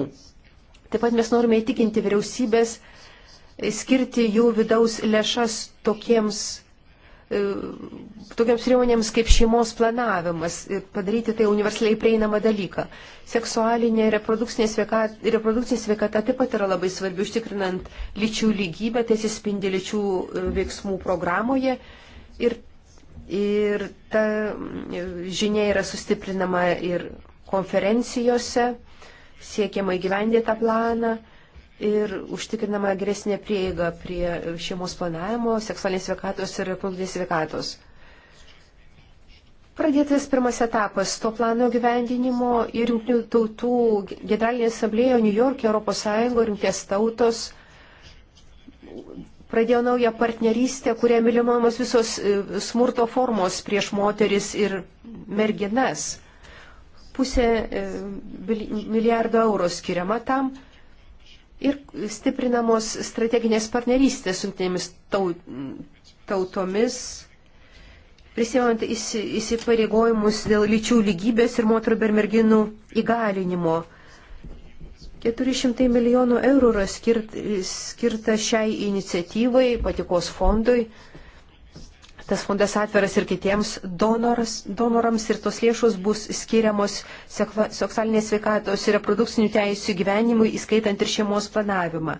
Taip pat mes norime įtikinti vyriausybės e, skirti jų vidaus lėšas tokiems E, tokiams priemonėms kaip šeimos planavimas, e, padaryti tai universaliai prieinamą dalyką. Seksualinė reprodukcinė sveikata, reprodukcinė sveikata taip pat yra labai svarbi, užtikrinant lyčių lygybę, tai atsispindi lyčių e, veiksmų programoje. Ir, ir ta žinia yra sustiprinama ir konferencijose, siekiama įgyvendyti tą planą ir užtikrinama geresnė prieiga prie šeimos planavimo, seksualinės sveikatos ir reproduktinės sveikatos. Pradėtas pirmas etapas to plano gyvendinimo ir Junktinių tautų generalinė asamblėja New York, ES ir Junktinės tautos pradėjo naują partnerystę, kurie mylimamos visos e, smurto formos prieš moteris ir merginas. Pusė e, milijardo eurų skiriama tam ir stiprinamos strateginės partnerystės su jungtinėmis tautomis, prisimant įsipareigojimus dėl lyčių lygybės ir moterų ir merginų įgalinimo. 400 milijonų eurų yra skirt, skirta šiai iniciatyvai, patikos fondui tas fondas atveras ir kitiems donoras, donorams ir tos lėšos bus skiriamos seksualinės sveikatos ir reprodukcinių teisų gyvenimui, įskaitant ir šeimos planavimą.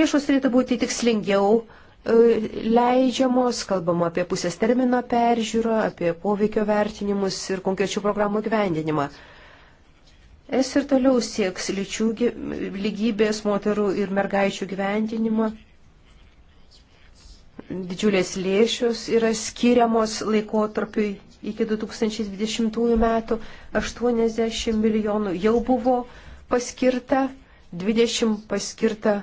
Lėšos turėtų būti tikslingiau e, leidžiamos, kalbama apie pusės termino peržiūrą, apie poveikio vertinimus ir konkrečių programų gyvendinimą. Es ir toliau sieks lyčių lygybės moterų ir mergaičių gyvendinimo didžiulės lėšios yra skiriamos laikotarpiui iki 2020 metų, 80 milijonų jau buvo paskirta, 20 paskirta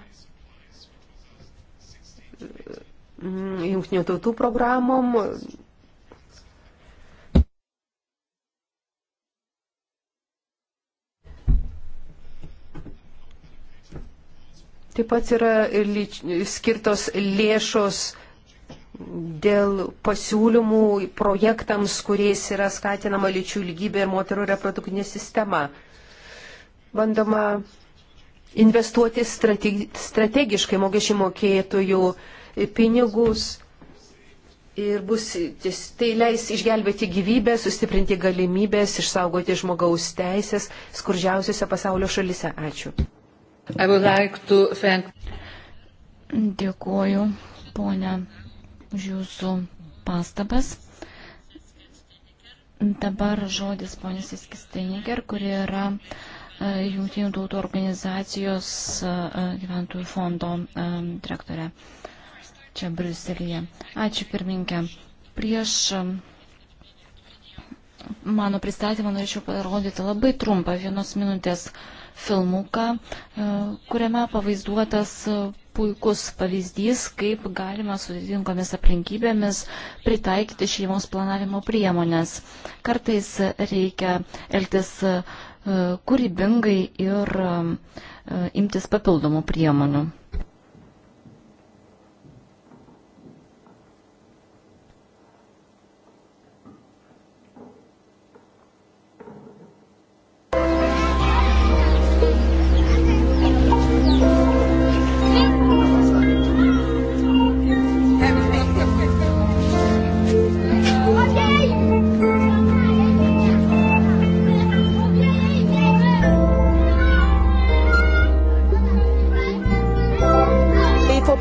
mm, jungtinių tautų programom. Taip pat yra skirtos lėšos dėl pasiūlymų projektams, kuriais yra skatinama lyčių lygybė ir moterų reproduktinė sistema. Bandoma investuoti strategiškai mokesčių mokėtojų pinigus ir bus, tai leis išgelbėti gyvybę, sustiprinti galimybės, išsaugoti žmogaus teisės skurdžiausiose pasaulio šalise. Ačiū. Like to... Dėkuoju, ponia už jūsų pastabas. Dabar žodis ponės Iskisteniger, kuri yra e, Jungtinių tautų organizacijos e, e, gyventojų fondo direktorė čia Briuselėje. Ačiū pirmininkė. Prieš mano pristatymą norėčiau parodyti labai trumpą vienos minutės filmuką, kuriame pavaizduotas puikus pavyzdys, kaip galima sudėtingomis aplinkybėmis pritaikyti šeimos planavimo priemonės. Kartais reikia elgtis e, kūrybingai ir e, imtis papildomų priemonių.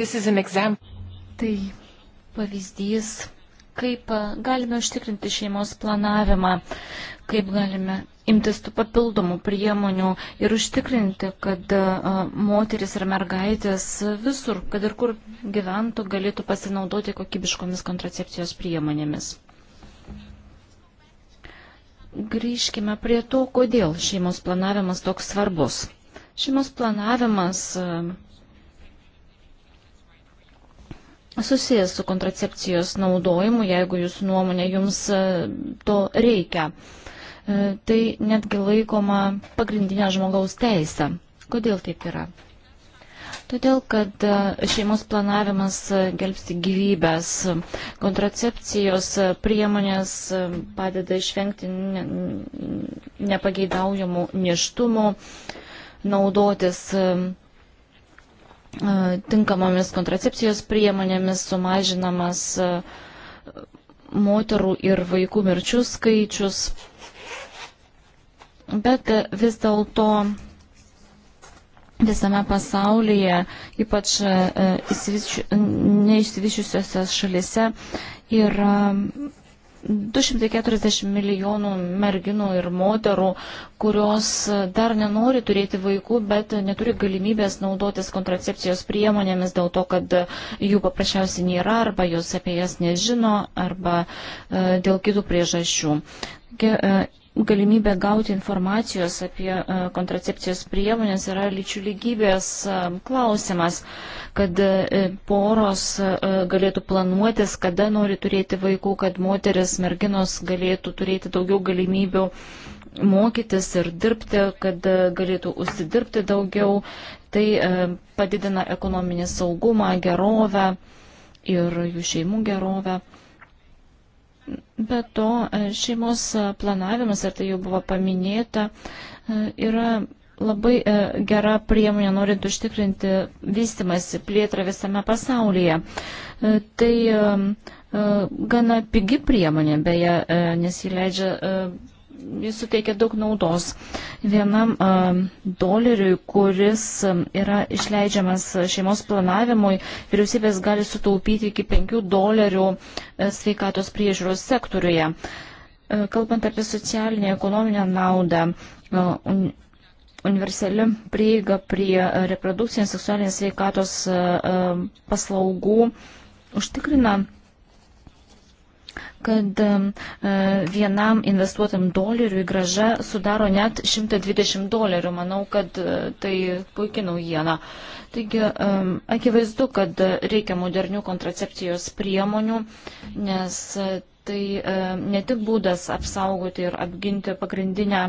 Tai pavyzdys, kaip galime užtikrinti šeimos planavimą, kaip galime imtis tų papildomų priemonių ir užtikrinti, kad moteris ir mergaitės visur, kad ir kur gyventų, galėtų pasinaudoti kokybiškomis kontracepcijos priemonėmis. Grįžkime prie to, kodėl šeimos planavimas toks svarbus. Šeimos planavimas susijęs su kontracepcijos naudojimu, jeigu jūsų nuomonė jums e, to reikia. E, tai netgi laikoma pagrindinė žmogaus teisė. Kodėl taip yra? Todėl, kad e, šeimos planavimas gelbsti gyvybės, kontracepcijos priemonės padeda išvengti nepageidaujamų neštumų, naudotis E, tinkamomis kontracepcijos priemonėmis sumažinamas e, moterų ir vaikų mirčių skaičius. Bet vis dėlto visame pasaulyje, ypač e, neišsivyščiusiose šalise, yra 240 milijonų merginų ir moterų, kurios dar nenori turėti vaikų, bet neturi galimybės naudotis kontracepcijos priemonėmis dėl to, kad jų paprasčiausiai nėra arba jos apie jas nežino arba e, dėl kitų priežasčių. E, galimybė gauti informacijos apie e, kontracepcijos priemonės yra lyčių lygybės e, klausimas, kad e, poros galėtų planuotis, kada nori turėti vaikų, kad moteris, merginos galėtų turėti daugiau galimybių mokytis ir dirbti, kad galėtų užsidirbti daugiau. Tai padidina ekonominį saugumą, gerovę ir jų šeimų gerovę. Be to, e, šeimos planavimas, ir tai jau buvo paminėta, e, yra labai e, gera priemonė norint užtikrinti vystimąsi plėtrą visame pasaulyje. Tai gana pigi priemonė, beje, nes jį leidžia jis suteikia daug naudos. Vienam doleriui, kuris yra išleidžiamas šeimos planavimui, vyriausybės gali sutaupyti iki 5 dolerių sveikatos priežiūros sektoriuje. Kalbant apie socialinę ekonominę naudą, universali prieiga prie reprodukcinės seksualinės sveikatos paslaugų užtikrina kad e, vienam investuotam doleriui graža sudaro net 120 dolerių. Manau, kad e, tai puikia naujiena. Taigi, akivaizdu, kad reikia modernių kontracepcijos priemonių, nes tai e, ne tik būdas apsaugoti ir apginti pagrindinę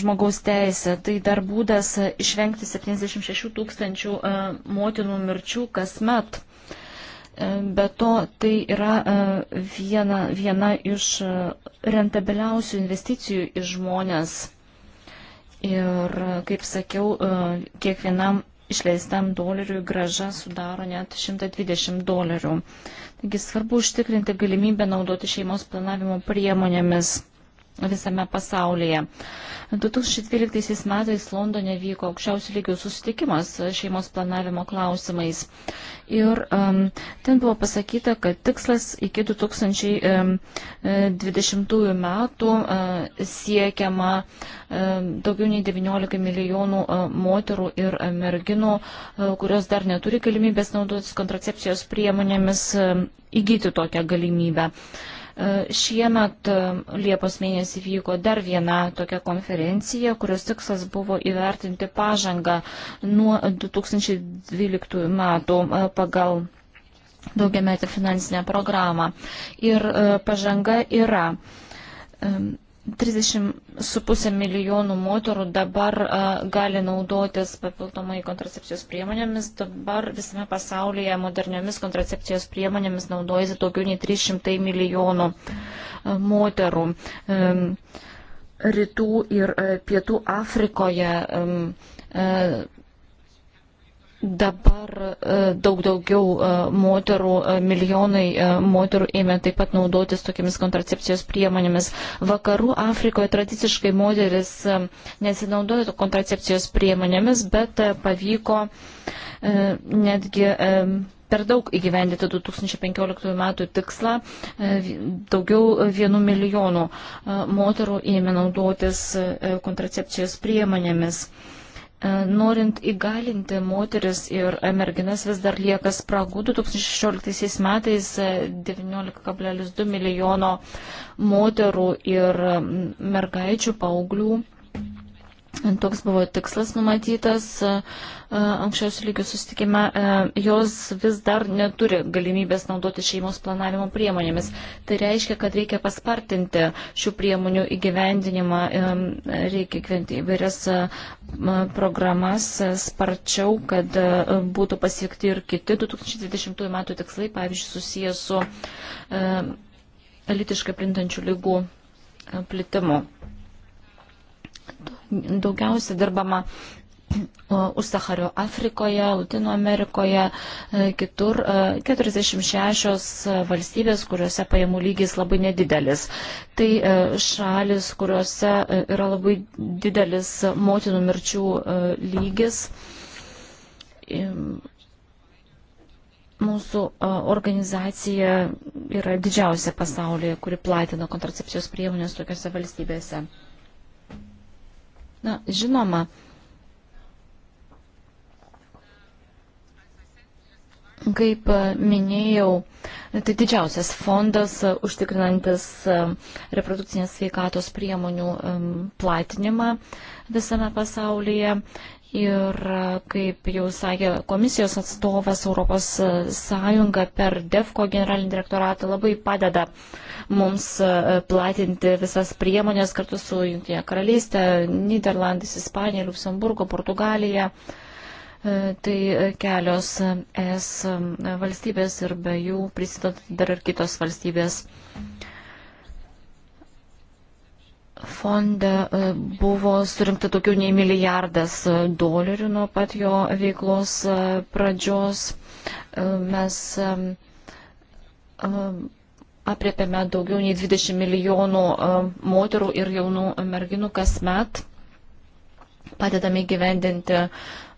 žmogaus teisė. Tai dar būdas išvengti 76 tūkstančių motinų mirčių kasmet. Be to, tai yra e, viena, viena iš e, rentabiliausių investicijų į žmonės. Ir, e, kaip sakiau, kiekvienam išleistam doleriui graža sudaro net 120 dolerių. Taigi svarbu užtikrinti galimybę naudoti šeimos planavimo priemonėmis visame pasaulyje. 2012 metais Londone vyko aukščiausių lygių susitikimas šeimos planavimo klausimais. Ir um, ten buvo pasakyta, kad tikslas iki 2020 metų uh, siekiama uh, daugiau nei 19 milijonų uh, moterų ir uh, merginų, uh, kurios dar neturi galimybės naudotis kontracepcijos priemonėmis, uh, įgyti tokią galimybę. Uh, Šiemet e, Liepos mėnesį vyko dar viena tokia konferencija, kurios tikslas buvo įvertinti pažangą nuo 2012 metų e, pagal daugiametę finansinę programą. Ir e, pažanga yra. 30,5 milijonų moterų dabar a, gali naudotis papildomai kontracepcijos priemonėmis. Dabar visame pasaulyje moderniomis kontracepcijos priemonėmis naudojasi daugiau nei 300 milijonų a, moterų. A, rytų ir a, pietų Afrikoje. A, a, Dabar e, daug daugiau e, moterų, e, milijonai moterų ėmė taip pat naudotis tokiamis kontracepcijos priemonėmis. Vakarų Afrikoje tradiciškai moteris nesinaudojo kontracepcijos priemonėmis, bet pavyko netgi per daug įgyvendyti 2015 metų tikslą. Daugiau vienu milijonu moterų ėmė naudotis kontracepcijos priemonėmis. E, norint įgalinti moteris ir merginas vis dar lieka spragų. 2016 metais 19,2 e, milijono moterų ir mergaičių paauglių Toks buvo tikslas numatytas anksčiausių lygių susitikime. Jos vis dar neturi galimybės naudoti šeimos planavimo priemonėmis. Tai reiškia, kad reikia paspartinti šių priemonių įgyvendinimą, reikia kventi įvairias programas sparčiau, kad būtų pasiekti ir kiti 2020 metų tikslai, pavyzdžiui, susijęs su litiškai plintančių lygų plitimu daugiausia dirbama už Sahario Afrikoje, Latino Amerikoje, e, kitur 46 e, valstybės, kuriuose pajamų lygis labai nedidelis. Tai e, šalis, kuriuose yra labai didelis motinų mirčių lygis. Mūsų organizacija yra didžiausia pasaulyje, kuri platina kontracepcijos priemonės tokiuose valstybėse. Na, žinoma, kaip minėjau, tai didžiausias fondas e, užtikrinantis e, reprodukcinės sveikatos priemonių e, platinimą visame pasaulyje. Ir kaip jau sakė komisijos atstovas, ES per DEFCO generalinį direktoratą labai padeda uh, mums e, platinti visas priemonės kartu su Junktinė karalystė, Niderlandais, Ispanija, Luksemburgo, Portugalija. E, tai kelios es e, valstybės ir be jų prisideda dar ir kitos valstybės. Fonde buvo surinkta daugiau nei milijardas dolerių nuo pat jo veiklos pradžios. Mes apriepiame daugiau nei 20 milijonų e, moterų ir jaunų merginų kasmet. Padedame gyvendinti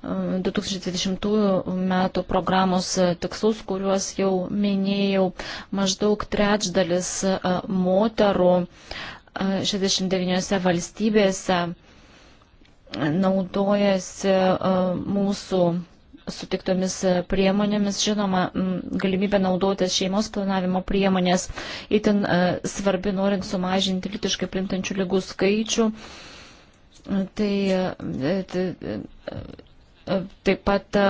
2020 metų programos tikslus, kuriuos jau minėjau. Maždaug trečdalis e, moterų 69 e, valstybėse naudojasi mūsų sutiktomis priemonėmis. Žinoma, galimybė naudotis šeimos planavimo priemonės itin e, svarbi, norint sumažinti litiškai plintančių lygų skaičių. Tai e, e, taip pat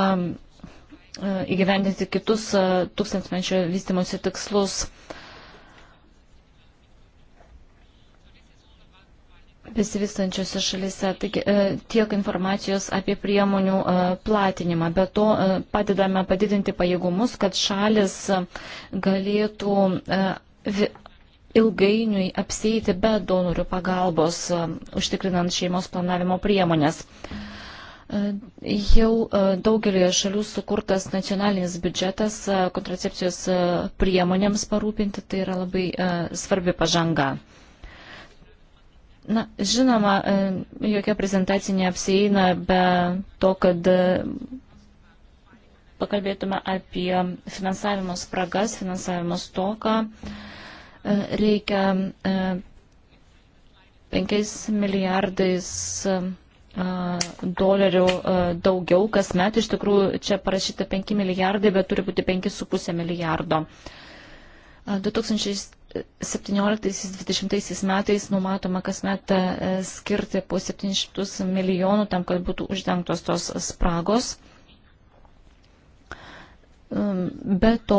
įgyvendinti kitus tūkstantmečio vystimosi tikslus. besivystančiose šalise. Taigi, e, tiek informacijos apie priemonių e, platinimą, bet to e, padedame padidinti pajėgumus, kad šalis galėtų ilgainiui apsėti be donorių pagalbos, užtikrinant šeimos planavimo priemonės. Jau daugelioje šalių sukurtas nacionalinis biudžetas kontracepcijos priemonėms parūpinti, tai yra labai svarbi pažanga. Na, žinoma, e, jokia prezentacija neapsieina be to, kad e, pakalbėtume apie finansavimo spragas, finansavimo stoką. E, reikia 5 milijardais dolerių daugiau kasmet. Iš tikrųjų, čia parašyta 5 milijardai, bet turi būti 5,5 milijardo. 2000 17-20 metais numatoma kasmet e, skirti po 700 milijonų tam, kad būtų uždengtos tos spragos. Be to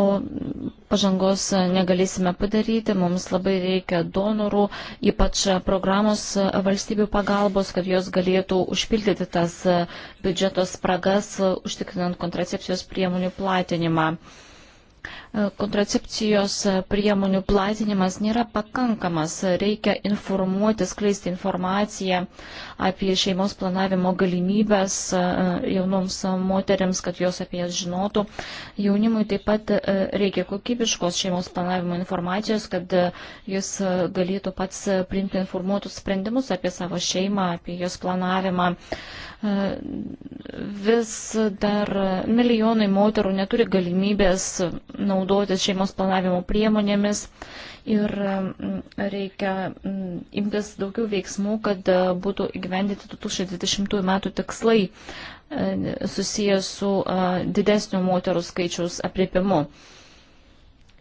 pažangos negalėsime padaryti, mums labai reikia donorų, ypač programos valstybių pagalbos, kad jos galėtų užpildyti tas e, biudžeto spragas, e, užtikrinant kontracepcijos priemonių platinimą kontracepcijos priemonių platinimas nėra pakankamas. Reikia informuoti, skleisti informaciją apie šeimos planavimo galimybės e, jaunoms moteriams, kad jos apie jas žinotų. Jaunimui taip pat e, reikia kokybiškos šeimos planavimo informacijos, kad e, jis galėtų pats priimti informuotus sprendimus apie savo šeimą, apie jos planavimą. Vis dar milijonai moterų neturi galimybės naudotis naudotis šeimos planavimo priemonėmis ir mm, reikia mm, imtis daugiau veiksmų, kad e, būtų įgyvendyti 2020 metų tikslai e, susijęs su e, didesniu moterų skaičiaus apriepimu.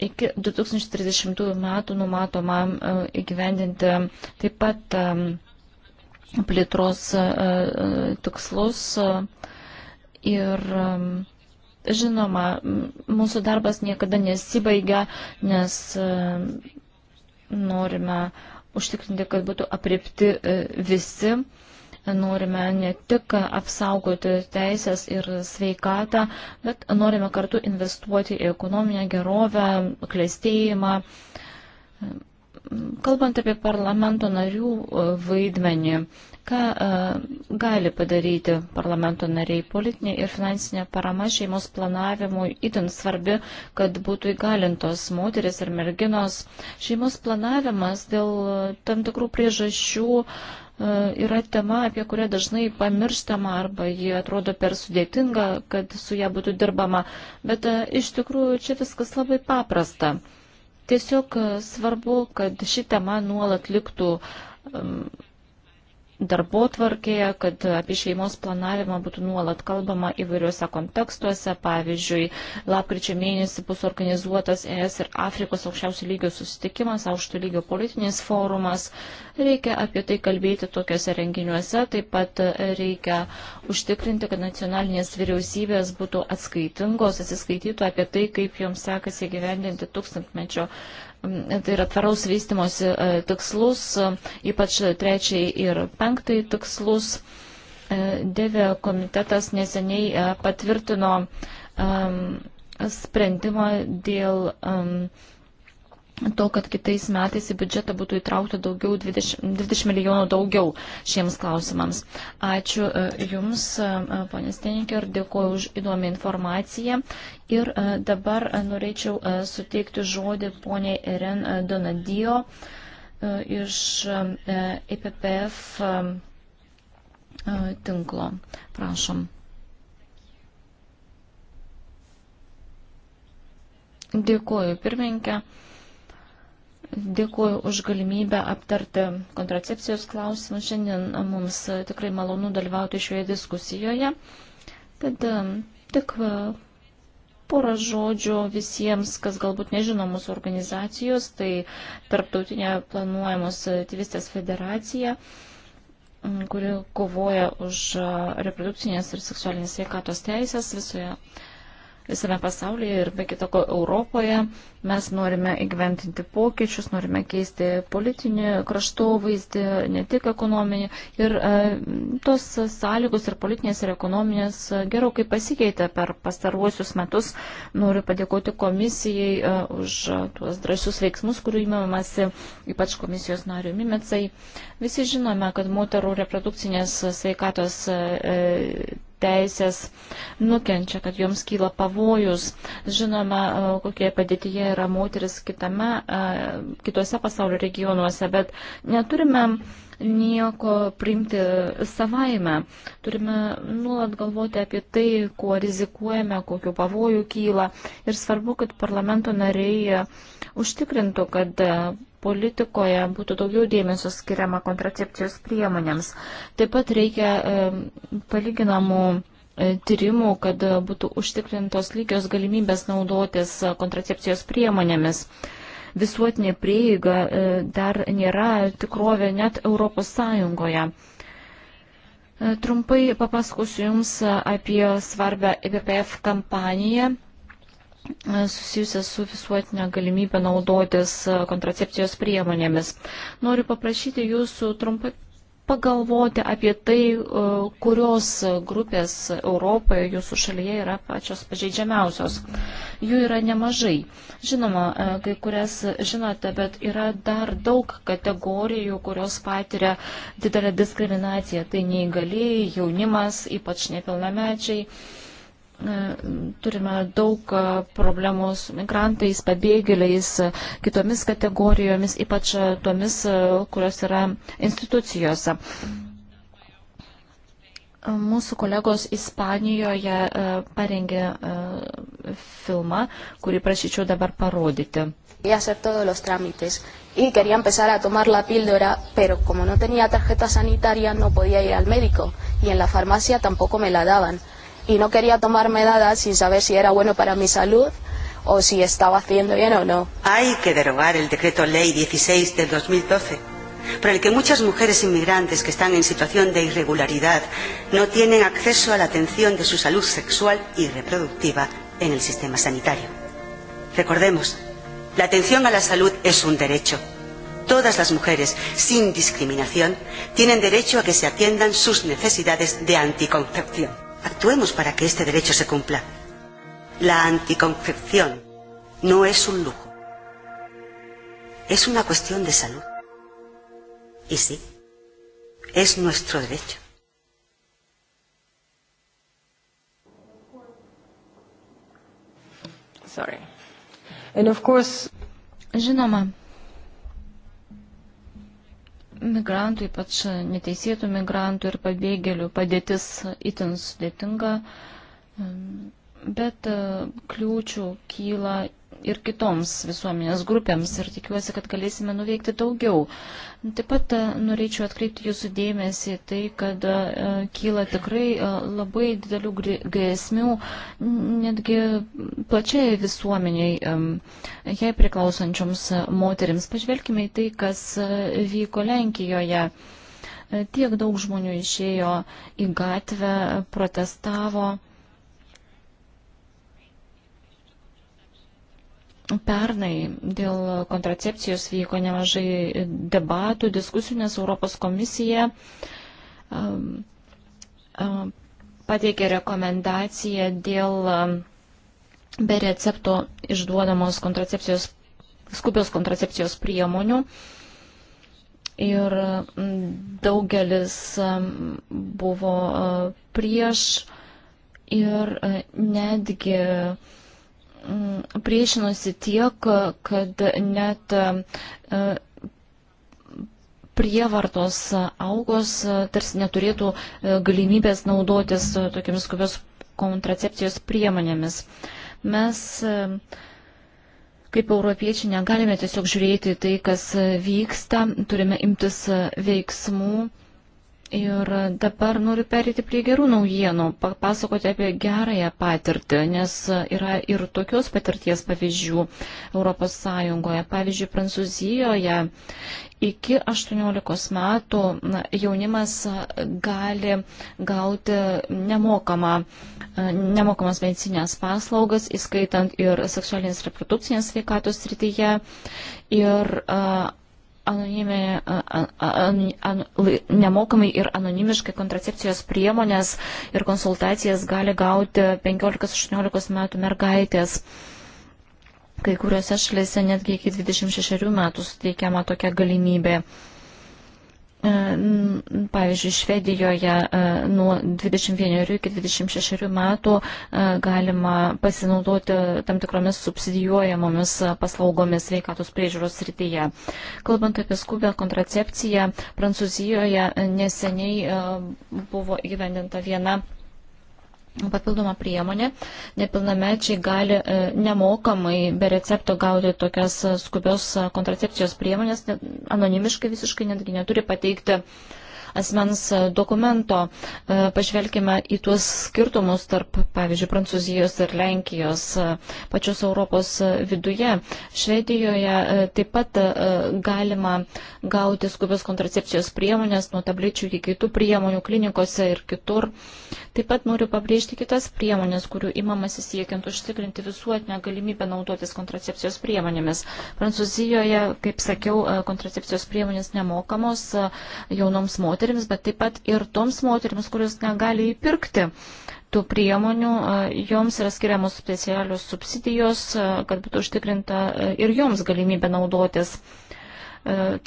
Iki 2030 metų numatoma įgyvendinti taip pat plėtros tikslus ir Žinoma, mūsų darbas niekada nesibaigia, nes e, norime užtikrinti, kad būtų apripti e, visi. Norime ne tik apsaugoti teisės ir sveikatą, bet norime kartu investuoti į ekonominę gerovę, klėstėjimą, Kalbant apie parlamento narių e, vaidmenį, ką e, gali padaryti parlamento nariai politinė ir finansinė parama šeimos planavimui itin svarbi, kad būtų įgalintos moteris ir merginos. Šeimos planavimas dėl tam tikrų priežasčių e, yra tema, apie kurią dažnai pamirštama arba ji atrodo per sudėtinga, kad su ją būtų dirbama. Bet iš tikrųjų čia viskas labai paprasta. Tiesiog e, svarbu, kad ši tema nuolat liktų darbo tvarkėje, kad apie šeimos planavimą būtų nuolat kalbama įvairiuose kontekstuose. Pavyzdžiui, lapkričio mėnesį bus organizuotas ES ir Afrikos aukščiausių lygio susitikimas, aukštų lygio politinis forumas. Reikia apie tai kalbėti tokiuose renginiuose. Taip pat reikia užtikrinti, kad nacionalinės vyriausybės būtų atskaitingos, atsiskaitytų apie tai, kaip joms sekasi gyvendinti tūkstantmečio tai yra tvaraus vystimosi e, tikslus, e, ypač trečiai ir penktai tikslus. E, Dėvė komitetas neseniai patvirtino sprendimą dėl to, kad kitais metais į biudžetą būtų įtraukta daugiau 20, 20 milijonų daugiau šiems klausimams. Ačiū e, Jums, e, e, ponės Tenikė, ir dėkuoju už įdomią informaciją. Ir dabar norėčiau suteikti žodį poniai Eren Donadijo iš IPPF tinklo. Prašom. Dėkuoju, pirmininkė. Dėkuoju už galimybę aptarti kontracepcijos klausimus. Šiandien mums tikrai malonu dalyvauti šioje diskusijoje. Tad tik e, porą žodžių visiems, kas galbūt nežino mūsų organizacijos, tai Tarptautinė planuojamos tėvystės federacija, kuri kovoja už e, reprodukcinės ir seksualinės sveikatos teisės visoje visame pasaulyje ir be kitoko Europoje. Mes norime įgyventinti pokyčius, norime keisti politinį kraštovaizdį, ne tik ekonominį. Ir e, tos sąlygos ir politinės ir ekonominės gerokai pasikeitė per pastaruosius metus. Noriu padėkoti komisijai e, už tuos drąsius veiksmus, kurių įmamasi ypač komisijos narių Mimecai. Visi žinome, kad moterų reprodukcinės sveikatos. E, teisės nukenčia, kad joms kyla pavojus. Žinoma, e, kokie padėtyje yra moteris kitame, e, kitose pasaulio regionuose, bet neturime nieko priimti savaime. Turime nuolat galvoti apie tai, kuo rizikuojame, kokiu pavojų kyla. Ir svarbu, kad parlamento nariai užtikrintų, kad politikoje būtų daugiau dėmesio skiriama kontracepcijos priemonėms. Taip pat reikia e, palyginamų e, tyrimų, kad e, būtų užtikrintos lygios galimybės naudotis kontracepcijos priemonėmis. Visuotinė prieiga dar nėra tikrovė net Europos Sąjungoje. Trumpai papasakosiu Jums apie svarbę EPPF kampaniją susijusias su visuotinė galimybė naudotis e, kontracepcijos priemonėmis. Noriu paprašyti jūsų trumpai pagalvoti apie tai, e, kurios grupės Europoje jūsų šalyje yra pačios pažeidžiamiausios. Jų yra nemažai. Žinoma, e, kai kurias žinote, bet yra dar daug kategorijų, kurios patiria didelę diskriminaciją. Tai neįgaliai, jaunimas, ypač nepilnamečiai E, turime daug e, problemų su migrantais, pabėgėliais, e, kitomis kategorijomis, ypač tomis, kurios yra institucijose. Mūsų kolegos Ispanijoje parengė filmą, kurį prašyčiau dabar parodyti. Y quería empezar a tomar la píldora, pero como no tenía tarjeta sanitaria no podía ir al médico y en la farmacia tampoco me la daban y no quería tomarme nada sin saber si era bueno para mi salud o si estaba haciendo bien o no. Hay que derogar el decreto ley 16 del 2012, por el que muchas mujeres inmigrantes que están en situación de irregularidad no tienen acceso a la atención de su salud sexual y reproductiva en el sistema sanitario. Recordemos, la atención a la salud es un derecho. Todas las mujeres, sin discriminación, tienen derecho a que se atiendan sus necesidades de anticoncepción. Actuemos para que este derecho se cumpla. La anticoncepción no es un lujo. Es una cuestión de salud. Y sí, es nuestro derecho. Sorry. And of course... Žinoma, migrantų, ypač neteisėtų migrantų ir pabėgėlių padėtis itin sudėtinga, bet e, kliūčių kyla ir kitoms visuomenės grupėms ir tikiuosi, kad galėsime nuveikti daugiau. Taip pat e, norėčiau atkreipti jūsų dėmesį tai, kad e, kyla tikrai e, labai didelių grėsmių netgi plačiai visuomeniai, jai priklausančioms moteriams. Pažvelkime į tai, kas vyko Lenkijoje tiek daug žmonių išėjo į gatvę, protestavo. Pernai dėl kontracepcijos vyko nemažai debatų, diskusijų, nes Europos komisija um, um, pateikė rekomendaciją dėl um, be recepto išduodamos kontracepcijos, skubios kontracepcijos priemonių. Ir daugelis buvo uh, prieš ir uh, netgi uh, Mm, priešinosi tiek, kad net e, prievartos augos e, tarsi neturėtų e, galimybės naudotis tokiamis skubios kontracepcijos priemonėmis. Mes kaip europiečiai negalime tiesiog žiūrėti tai, kas vyksta, turime imtis veiksmų Ir dabar noriu perėti prie gerų naujienų, papasakoti apie gerąją patirtį, nes yra ir tokios patirties pavyzdžių ES. Pavyzdžiui, Prancūzijoje iki 18 metų jaunimas gali gauti nemokamą, e, nemokamas medicinės paslaugas, įskaitant ir seksualinės reprodukcinės sveikatos srityje. Ir e, anonimė, an, an, an, nemokamai ir anonimiškai kontracepcijos priemonės ir konsultacijas gali gauti 15-18 metų mergaitės. Kai kuriuose šalyse netgi iki 26 metų suteikiama tokia galimybė. Uh, E, pavyzdžiui, Švedijoje e, nuo 21 iki 26 metų e, galima pasinaudoti tam tikromis subsidijuojamomis paslaugomis sveikatos priežiūros srityje. Kalbant apie skubę kontracepciją, Prancūzijoje neseniai buvo įgyvendinta viena papildoma priemonė. Nepilnamečiai gali e, nemokamai be recepto gauti tokias e, skubios e, kontracepcijos priemonės, anonimiškai visiškai netgi neturi pateikti asmens dokumento. Pažvelkime į tuos skirtumus tarp pavyzdžiui, Prancūzijos ir Lenkijos, e, pačios Europos e, viduje. Švedijoje e, taip pat galima gauti skubios kontracepcijos priemonės nuo tablečių iki kitų priemonių klinikose ir kitur. Taip pat noriu pabrėžti kitas priemonės, kurių imamasi siekiant užtikrinti visuotinę galimybę naudotis kontracepcijos priemonėmis. Prancūzijoje, kaip sakiau, kontracepcijos priemonės nemokamos jaunoms moteriams, bet taip pat ir toms moteriams, kurios negali įpirkti tų priemonių, joms yra skiriamos specialios subsidijos, kad būtų užtikrinta ir joms galimybė naudotis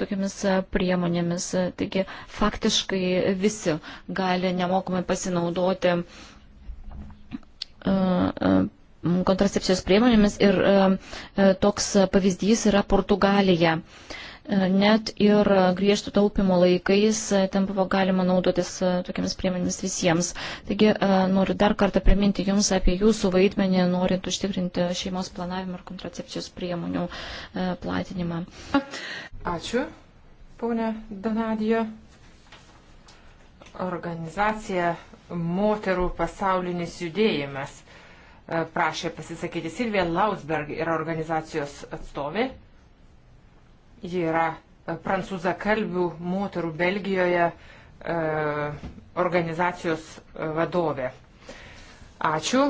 tokiamis priemonėmis. Taigi faktiškai visi gali nemokamai pasinaudoti kontracepcijos priemonėmis ir toks pavyzdys yra Portugalija. Uh, Net ir griežtų taupimo laikais e, ten buvo galima naudotis e, tokiamis priemonėmis visiems. Taigi e, noriu dar kartą priminti Jums apie Jūsų vaidmenį, norint užtikrinti šeimos planavimo ir kontracepcijos priemonių platinimą. Ačiū, ponė Danadija. Organizacija moterų pasaulinis judėjimas prašė pasisakyti Silvija Lausberg yra organizacijos atstovė. Ji yra e, prancūzakalbių moterų Belgijoje e, organizacijos e, vadovė. Ačiū,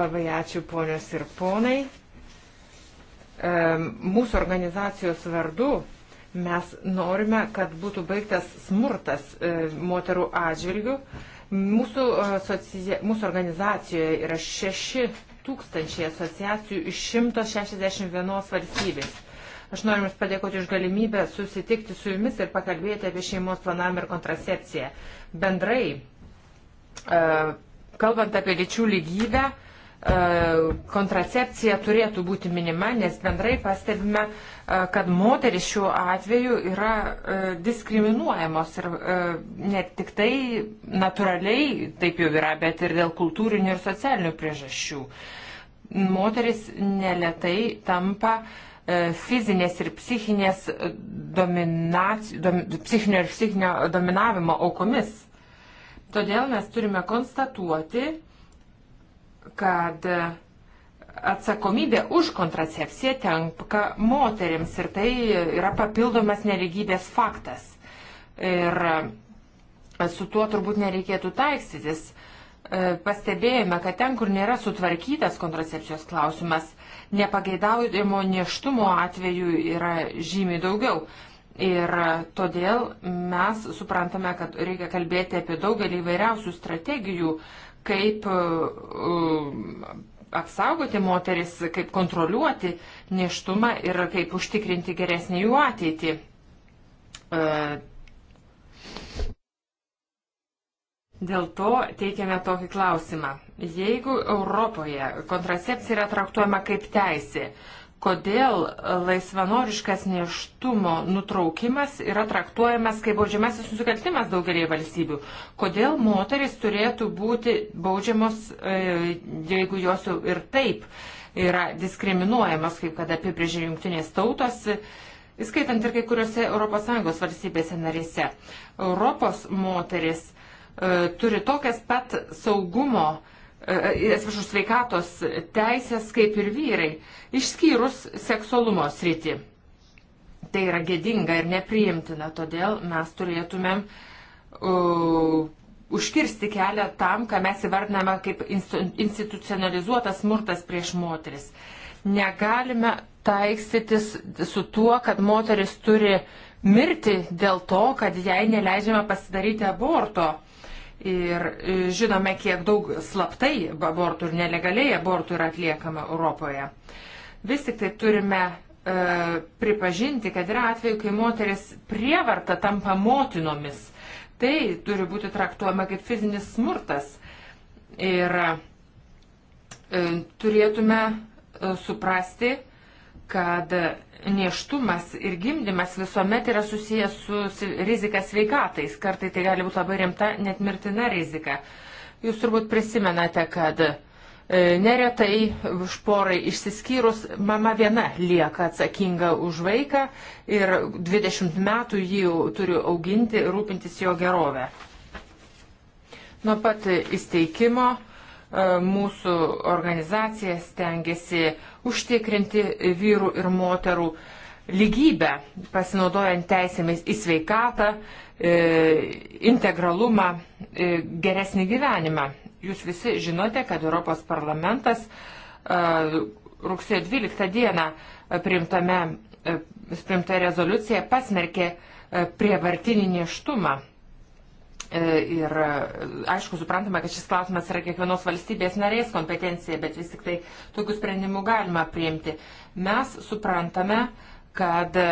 labai ačiū ponios ir ponai. Mūsų organizacijos vardu mes norime, kad būtų baigtas smurtas moterų atžvilgių. Mūsų, asocija, mūsų organizacijoje yra 6 tūkstančiai asociacijų iš 161 valstybės. Aš noriu Jums padėkoti už galimybę susitikti su Jumis ir pakalbėti apie šeimos planavimą ir kontracepciją. Bendrai, e, kalbant apie lyčių lygybę, e, kontracepcija turėtų būti minima, nes bendrai pastebime, e, kad moteris šiuo atveju yra diskriminuojamos ir ne tik tai natūraliai taip jau yra, bet ir dėl kultūrinių ir socialinių priežasčių. Moteris neletai tampa uh, E, fizinės ir psichinės dominac... dom... psichinio ir psichinio dominavimo aukomis. Todėl mes turime konstatuoti, kad atsakomybė už kontracepciją tenka moteriams ir tai yra papildomas neligybės faktas. Ir su tuo turbūt nereikėtų taikstytis. E, pastebėjome, kad ten, kur nėra sutvarkytas kontracepcijos klausimas, Nepageidaujamo neštumo atveju yra žymiai daugiau. Ir todėl mes suprantame, kad reikia kalbėti apie daugelį įvairiausių strategijų, kaip uh, apsaugoti moteris, kaip kontroliuoti neštumą ir kaip užtikrinti geresnį jų ateitį. Uh, dėl to teikiame tokį klausimą. Jeigu Europoje kontracepcija yra traktuojama kaip teisė, kodėl laisvanoriškas neštumo nutraukimas yra traktuojamas kaip baudžiamasis nusikaltimas daugelį valstybių? Kodėl moteris turėtų būti baudžiamos, e, jeigu jos jau ir taip yra diskriminuojamos, kaip kad apibrėžė jungtinės tautos? Įskaitant ir kai kuriuose ES valstybėse narėse, Europos moteris e, turi tokias pat saugumo e, E, e, atsiprašau, sveikatos teisės kaip ir vyrai, išskyrus seksualumo sritį. Tai yra gėdinga ir nepriimtina, todėl mes turėtumėm uh, užkirsti kelią tam, ką mes įvardiname kaip institucionalizuotas smurtas prieš moteris. Negalime taikstytis su tuo, kad moteris turi mirti dėl to, kad jai neleidžiama pasidaryti aborto Ir e, žinome, kiek daug slaptai abortų ir nelegaliai abortų yra atliekama Europoje. Vis tik tai turime e, pripažinti, kad yra atveju, kai moteris prievarta tampa motinomis. Tai turi būti traktuojama kaip fizinis smurtas. Ir e, turėtume e, suprasti, kad neštumas ir gimdymas visuomet yra susijęs su rizika sveikatais. Kartai tai gali būti labai rimta, net mirtina rizika. Jūs turbūt prisimenate, kad e, neretai šporai išsiskyrus mama viena lieka atsakinga už vaiką ir 20 metų jį turi auginti, rūpintis jo gerovę. Nuo pat įsteigimo E, mūsų organizacija stengiasi užtikrinti vyrų ir moterų lygybę, pasinaudojant teisėmis į sveikatą, e, integralumą, e, geresnį gyvenimą. Jūs visi žinote, kad Europos parlamentas rugsėjo 12 dieną priimtame, priimta rezoliucija pasmerkė prievartinį neštumą. E, ir e, aišku, suprantame, kad šis klausimas yra kiekvienos valstybės narės kompetencija, bet vis tik tai tokių sprendimų galima priimti. Mes suprantame, kad e,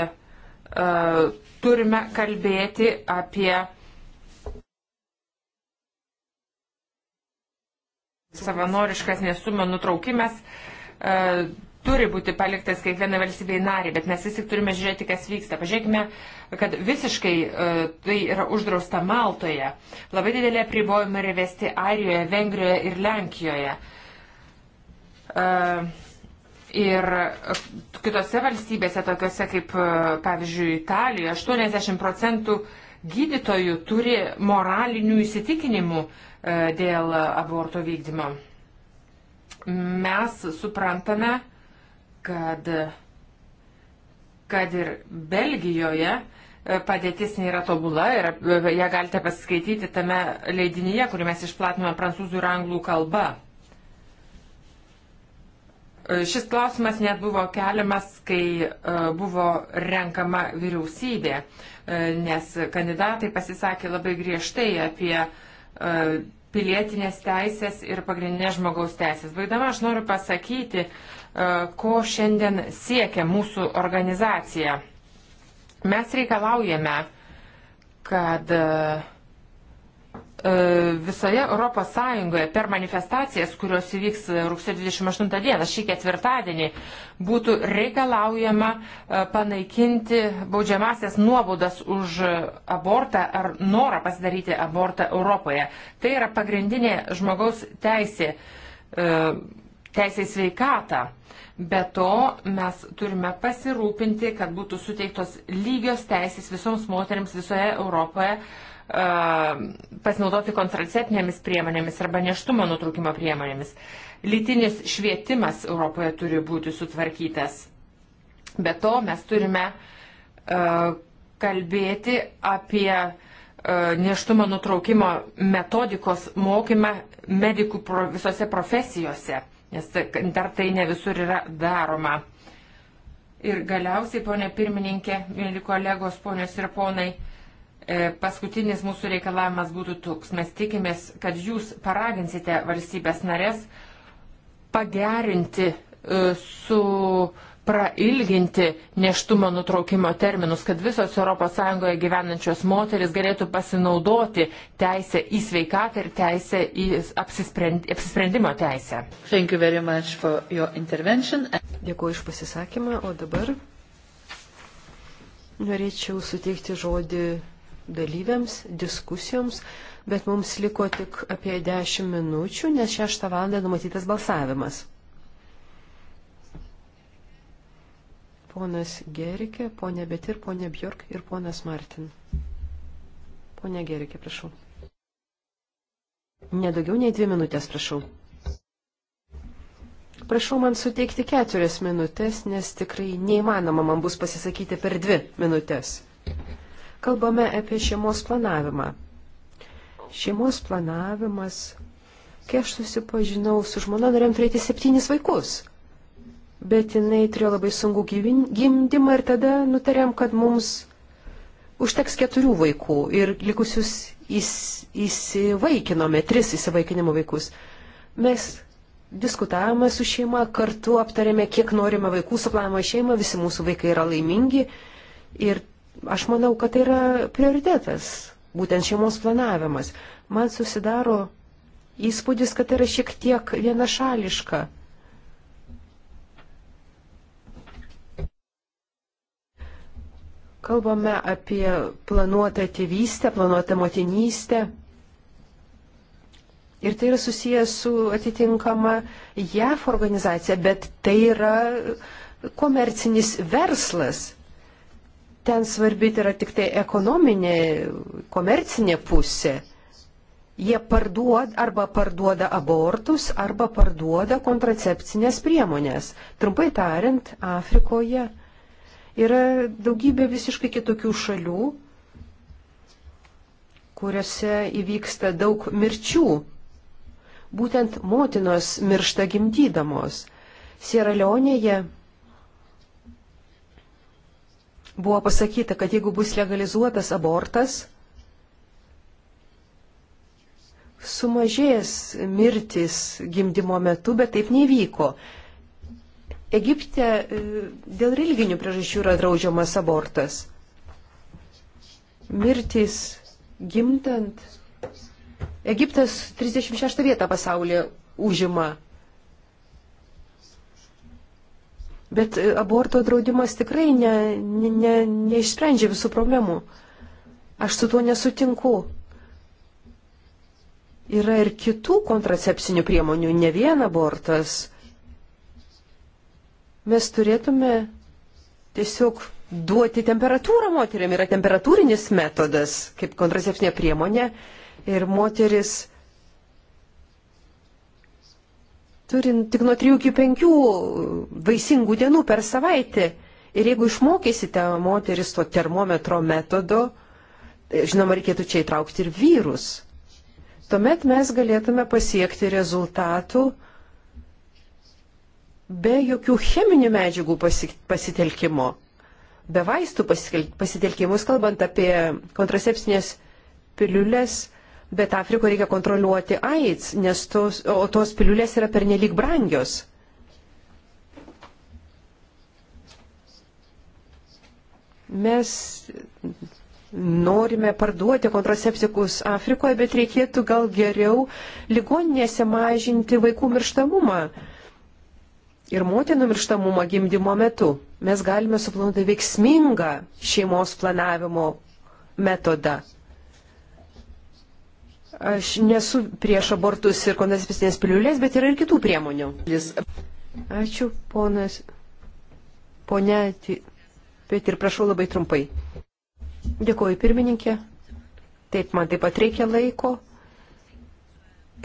turime kalbėti apie savanoriškas nesumo nutraukimas. E, turi būti paliktas kiekvienai valstybei nariai, bet mes vis tik turime žiūrėti, kas vyksta. Pažiūrėkime, kad visiškai e, tai yra uždrausta Maltoje. Labai didelė pribojimai yra vesti Airijoje, Vengrijoje ir Lenkijoje. E, ir kitose valstybėse, tokiuose kaip, e, pavyzdžiui, Italijoje, 80 procentų gydytojų turi moralinių įsitikinimų dėl aborto vykdymo. Mes suprantame, kad, kad ir Belgijoje e, padėtis nėra tobula ir e, ją galite pasiskaityti tame leidinyje, kurį mes išplatinome prancūzų ir anglų kalba. E, šis klausimas net buvo keliamas, kai buvo renkama vyriausybė, nes kandidatai pasisakė labai griežtai apie pilietinės teisės ir pagrindinės žmogaus teisės. Baigdama aš noriu pasakyti, e, ko šiandien siekia mūsų organizacija. Mes reikalaujame, kad uh, E, visoje Europos Sąjungoje per manifestacijas, kurios įvyks rugsėjo 28 dieną, šį ketvirtadienį, būtų reikalaujama e, panaikinti baudžiamasias nuobaudas už abortą ar norą pasidaryti abortą Europoje. Tai yra pagrindinė žmogaus teisė, e, teisė sveikatą. Be to, mes turime pasirūpinti, kad būtų suteiktos lygios teisės visoms moteriams visoje Europoje pasinaudoti kontraceptinėmis priemonėmis arba neštumo nutraukimo priemonėmis. Lytinis švietimas Europoje turi būti sutvarkytas. Be to mes turime uh, kalbėti apie uh, neštumo nutraukimo metodikos mokymą medikų pro, visose profesijose, nes dar tai ne visur yra daroma. Ir galiausiai, ponė pirmininkė, mėly kolegos, ponios ir ponai, uh, E, paskutinis mūsų reikalavimas būtų toks. Mes tikimės, kad jūs paraginsite valstybės narės pagerinti e, su prailginti neštumo nutraukimo terminus, kad visos ES gyvenančios moteris galėtų pasinaudoti teisę į sveikatą ir teisę į apsisprendimo teisę. Dėkuoju iš pasisakymą, o dabar norėčiau suteikti žodį dalyviams, diskusijoms, bet mums liko tik apie 10 minučių, nes 6 val. numatytas balsavimas. Ponas Gerikė, ponė Betir, ponė Bjork ir ponas Martin. Pone Gerikė, prašau. Nedaugiau nei dvi minutės, prašau. Prašau man suteikti keturias minutės, nes tikrai neįmanoma man bus pasisakyti per dvi minutės kalbame apie šeimos planavimą. Šeimos planavimas, kai aš susipažinau su žmona, norėjom turėti septynis vaikus. Bet jinai turėjo labai sunku gimdymą ir tada nutarėm, kad mums užteks keturių vaikų ir likusius įs, įsivaikinome, tris įsivaikinimo vaikus. Mes diskutavome su šeima, kartu aptarėme, kiek norime vaikų, suplanavome šeimą, visi mūsų vaikai yra laimingi ir Aš manau, kad tai yra prioritetas, būtent šeimos planavimas. Man susidaro įspūdis, kad tai yra šiek tiek vienašališka. Kalbame apie planuotą tėvystę, planuotą motinystę. Ir tai yra susijęs su atitinkama JAF organizacija, bet tai yra komercinis verslas ten svarbi tai yra tik tai ekonominė, komercinė pusė. Jie parduod, arba parduoda abortus, arba parduoda kontracepcinės priemonės. Trumpai tariant, Afrikoje yra daugybė visiškai kitokių šalių, kuriuose įvyksta daug mirčių. Būtent motinos miršta gimdydamos. Sieraleonėje buvo pasakyta, kad jeigu bus legalizuotas abortas, sumažės mirtis gimdymo metu, bet taip nevyko. Egipte e, dėl religinių priežasčių yra draudžiamas abortas. Mirtis gimtant. Egiptas 36 vietą pasaulyje užima Bet e, aborto draudimas tikrai ne, ne, neišsprendžia visų problemų. Aš su tuo nesutinku. Yra ir kitų kontracepcinių priemonių, ne vien abortas. Mes turėtume tiesiog duoti temperatūrą moteriam. Yra temperatūrinis metodas kaip kontracepcinė priemonė ir moteris turint tik nuo 3 iki 5 vaisingų dienų per savaitę. Ir jeigu išmokysite moteris to termometro metodo, e, žinoma, reikėtų čia įtraukti ir vyrus. Tuomet mes galėtume pasiekti rezultatų be jokių cheminių medžiagų pasitelkimo, be vaistų pasitelkimus, kalbant apie kontracepcinės piliulės, Bet Afrikoje reikia kontroliuoti AIDS, nes tos, o tos piliulės yra pernelyg brangios. Mes norime parduoti kontraceptikus Afrikoje, bet reikėtų gal geriau ligoninėse mažinti vaikų mirštamumą ir motinų mirštamumą gimdymo metu. Mes galime suplanuoti veiksmingą šeimos planavimo metodą. Aš nesu prieš abortus ir kontracepcinės piliulės, bet yra ir kitų priemonių. Ačiū, ponas. Pone Petir, prašau labai trumpai. Dėkuoju, pirmininkė. Taip, man taip pat reikia laiko.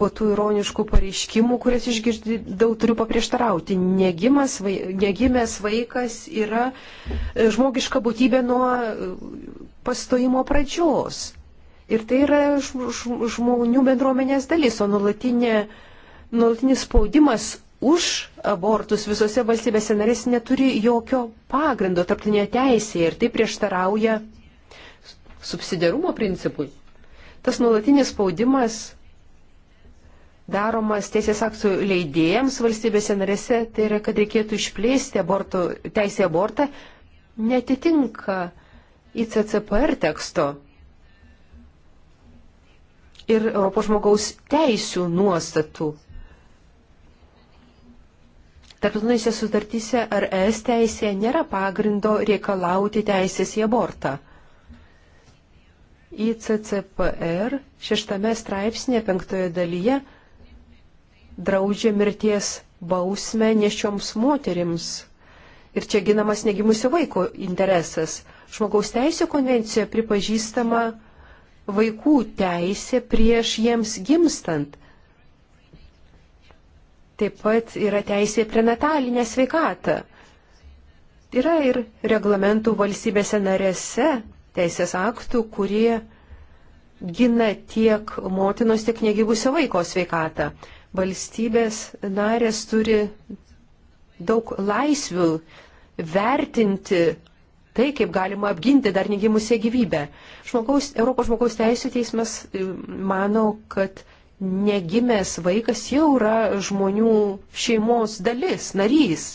Po tų ironiškų pareiškimų, kurias išgirdau, turiu paprieštarauti. Negimas, negimęs vaikas yra e, žmogiška būtybė nuo e, pastojimo pradžios. Ir tai yra žmonių bendruomenės dalis, o nulatinė, nulatinis spaudimas už abortus visose valstybėse narės neturi jokio pagrindo tarptinėje teisėje ir tai prieštarauja subsidiarumo principui. Tas nulatinis spaudimas daromas teisės aktų leidėjams valstybėse narėse, tai yra, kad reikėtų išplėsti abortų, teisę abortą, netitinka ICCPR teksto ir Europos žmogaus teisų nuostatų. Tarptautinėse sutartyse ar ES teisėje nėra pagrindo reikalauti teisės į abortą. ICCPR šeštame straipsnėje penktoje dalyje draudžia mirties bausmę nešioms moterims. Ir čia ginamas negimusio vaiko interesas. Žmogaus teisų konvencija pripažįstama vaikų teisė prieš jiems gimstant. Taip pat yra teisė prenatalinę sveikatą. Yra ir reglamentų valstybėse narėse teisės aktų, kurie gina tiek motinos, tiek negybusio vaiko sveikatą. Valstybės narės turi daug laisvių vertinti tai, kaip galima apginti dar negimusią gyvybę. Žmogaus, Europos žmogaus teisų teismas e, mano, kad negimęs vaikas jau yra žmonių šeimos dalis, narys.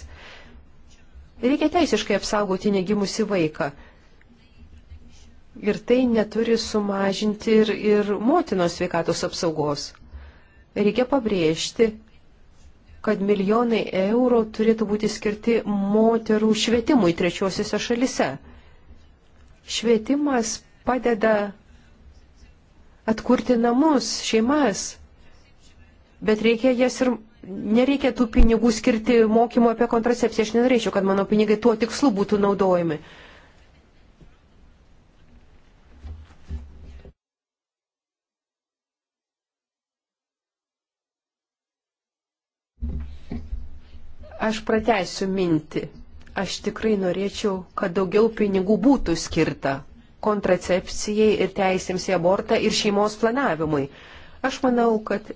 Reikia teisiškai apsaugoti negimusi vaiką. Ir tai neturi sumažinti ir, ir motinos sveikatos apsaugos. Reikia pabrėžti, kad milijonai eurų turėtų būti skirti moterų švietimui trečiosiuose šalise. Švietimas padeda atkurti namus, šeimas, bet reikia jas ir nereikia tų pinigų skirti mokymu apie kontracepciją. Aš nenorėčiau, kad mano pinigai tuo tikslu būtų naudojami. Aš pratęsiu mintį. Aš tikrai norėčiau, kad daugiau pinigų būtų skirta kontracepcijai ir teisėms į abortą ir šeimos planavimui. Aš manau, kad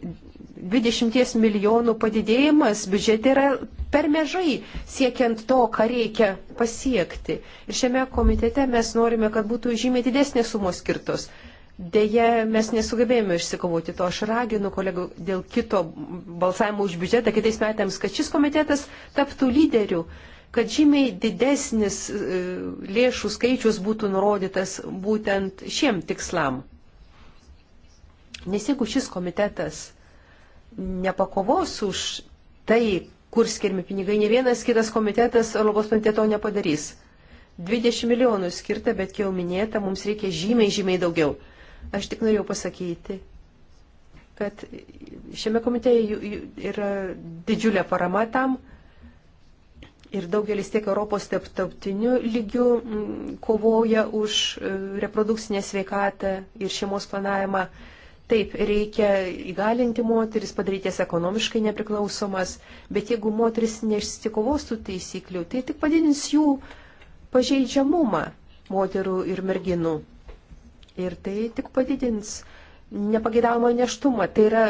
20 milijonų padidėjimas biudžete yra per mažai siekiant to, ką reikia pasiekti. Ir šiame komitete mes norime, kad būtų žymiai didesnės sumos skirtos. Deja, mes nesugebėjome išsikovoti to. Aš raginu kolegų dėl kito balsavimo už biudžetą kitais metams, kad šis komitetas taptų lyderių, kad žymiai didesnis e, lėšų skaičius būtų nurodytas būtent šiem tikslam. Nes jeigu šis komitetas nepakovos už tai, kur skirmi pinigai, ne vienas kitas komitetas Europos komiteto nepadarys. 20 milijonų skirta, bet jau minėta, mums reikia žymiai, žymiai daugiau. Aš tik norėjau pasakyti, kad šiame komitėje yra didžiulė parama tam ir daugelis tiek Europos tarptautinių lygių kovoja už e, reprodukcinę sveikatą ir šeimos planavimą. Taip, reikia įgalinti moteris, padaryti jas ekonomiškai nepriklausomas, bet jeigu moteris neišsikovos tų taisyklių, tai tik padidins jų pažeidžiamumą moterų ir merginų. Ir tai tik padidins nepageidaujamą neštumą. Tai yra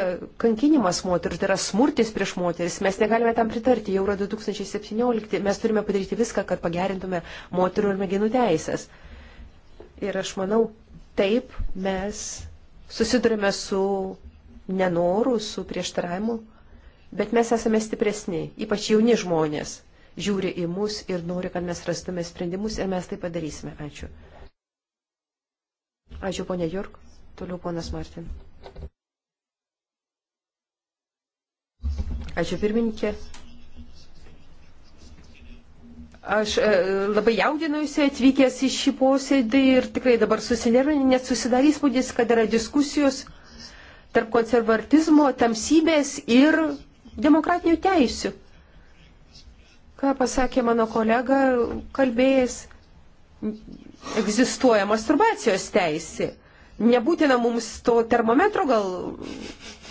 kankinimas moteris, tai yra smurtis prieš moteris. Mes negalime tam pritarti. Jau yra 2017. Mes turime padaryti viską, kad pagerintume moterų ir mėginų teisės. Ir aš manau, taip mes susidurime su nenoru, su prieštaravimu, bet mes esame stipresni, ypač jauni žmonės žiūri į mus ir nori, kad mes rastume sprendimus ir mes tai padarysime. Ačiū. Ačiū, ponė Jurk. Toliau ponas Martin. Ačiū, pirmininkė. Aš e, labai jaudinuosi atvykęs į šį posėdį ir tikrai dabar susinervinę, nes susidarys spūdis, kad yra diskusijos tarp konservatizmo, tamsybės ir demokratinių teisių. Ką pasakė mano kolega, kalbėjęs, egzistuoja masturbacijos teisė. Nebūtina mums to termometro gal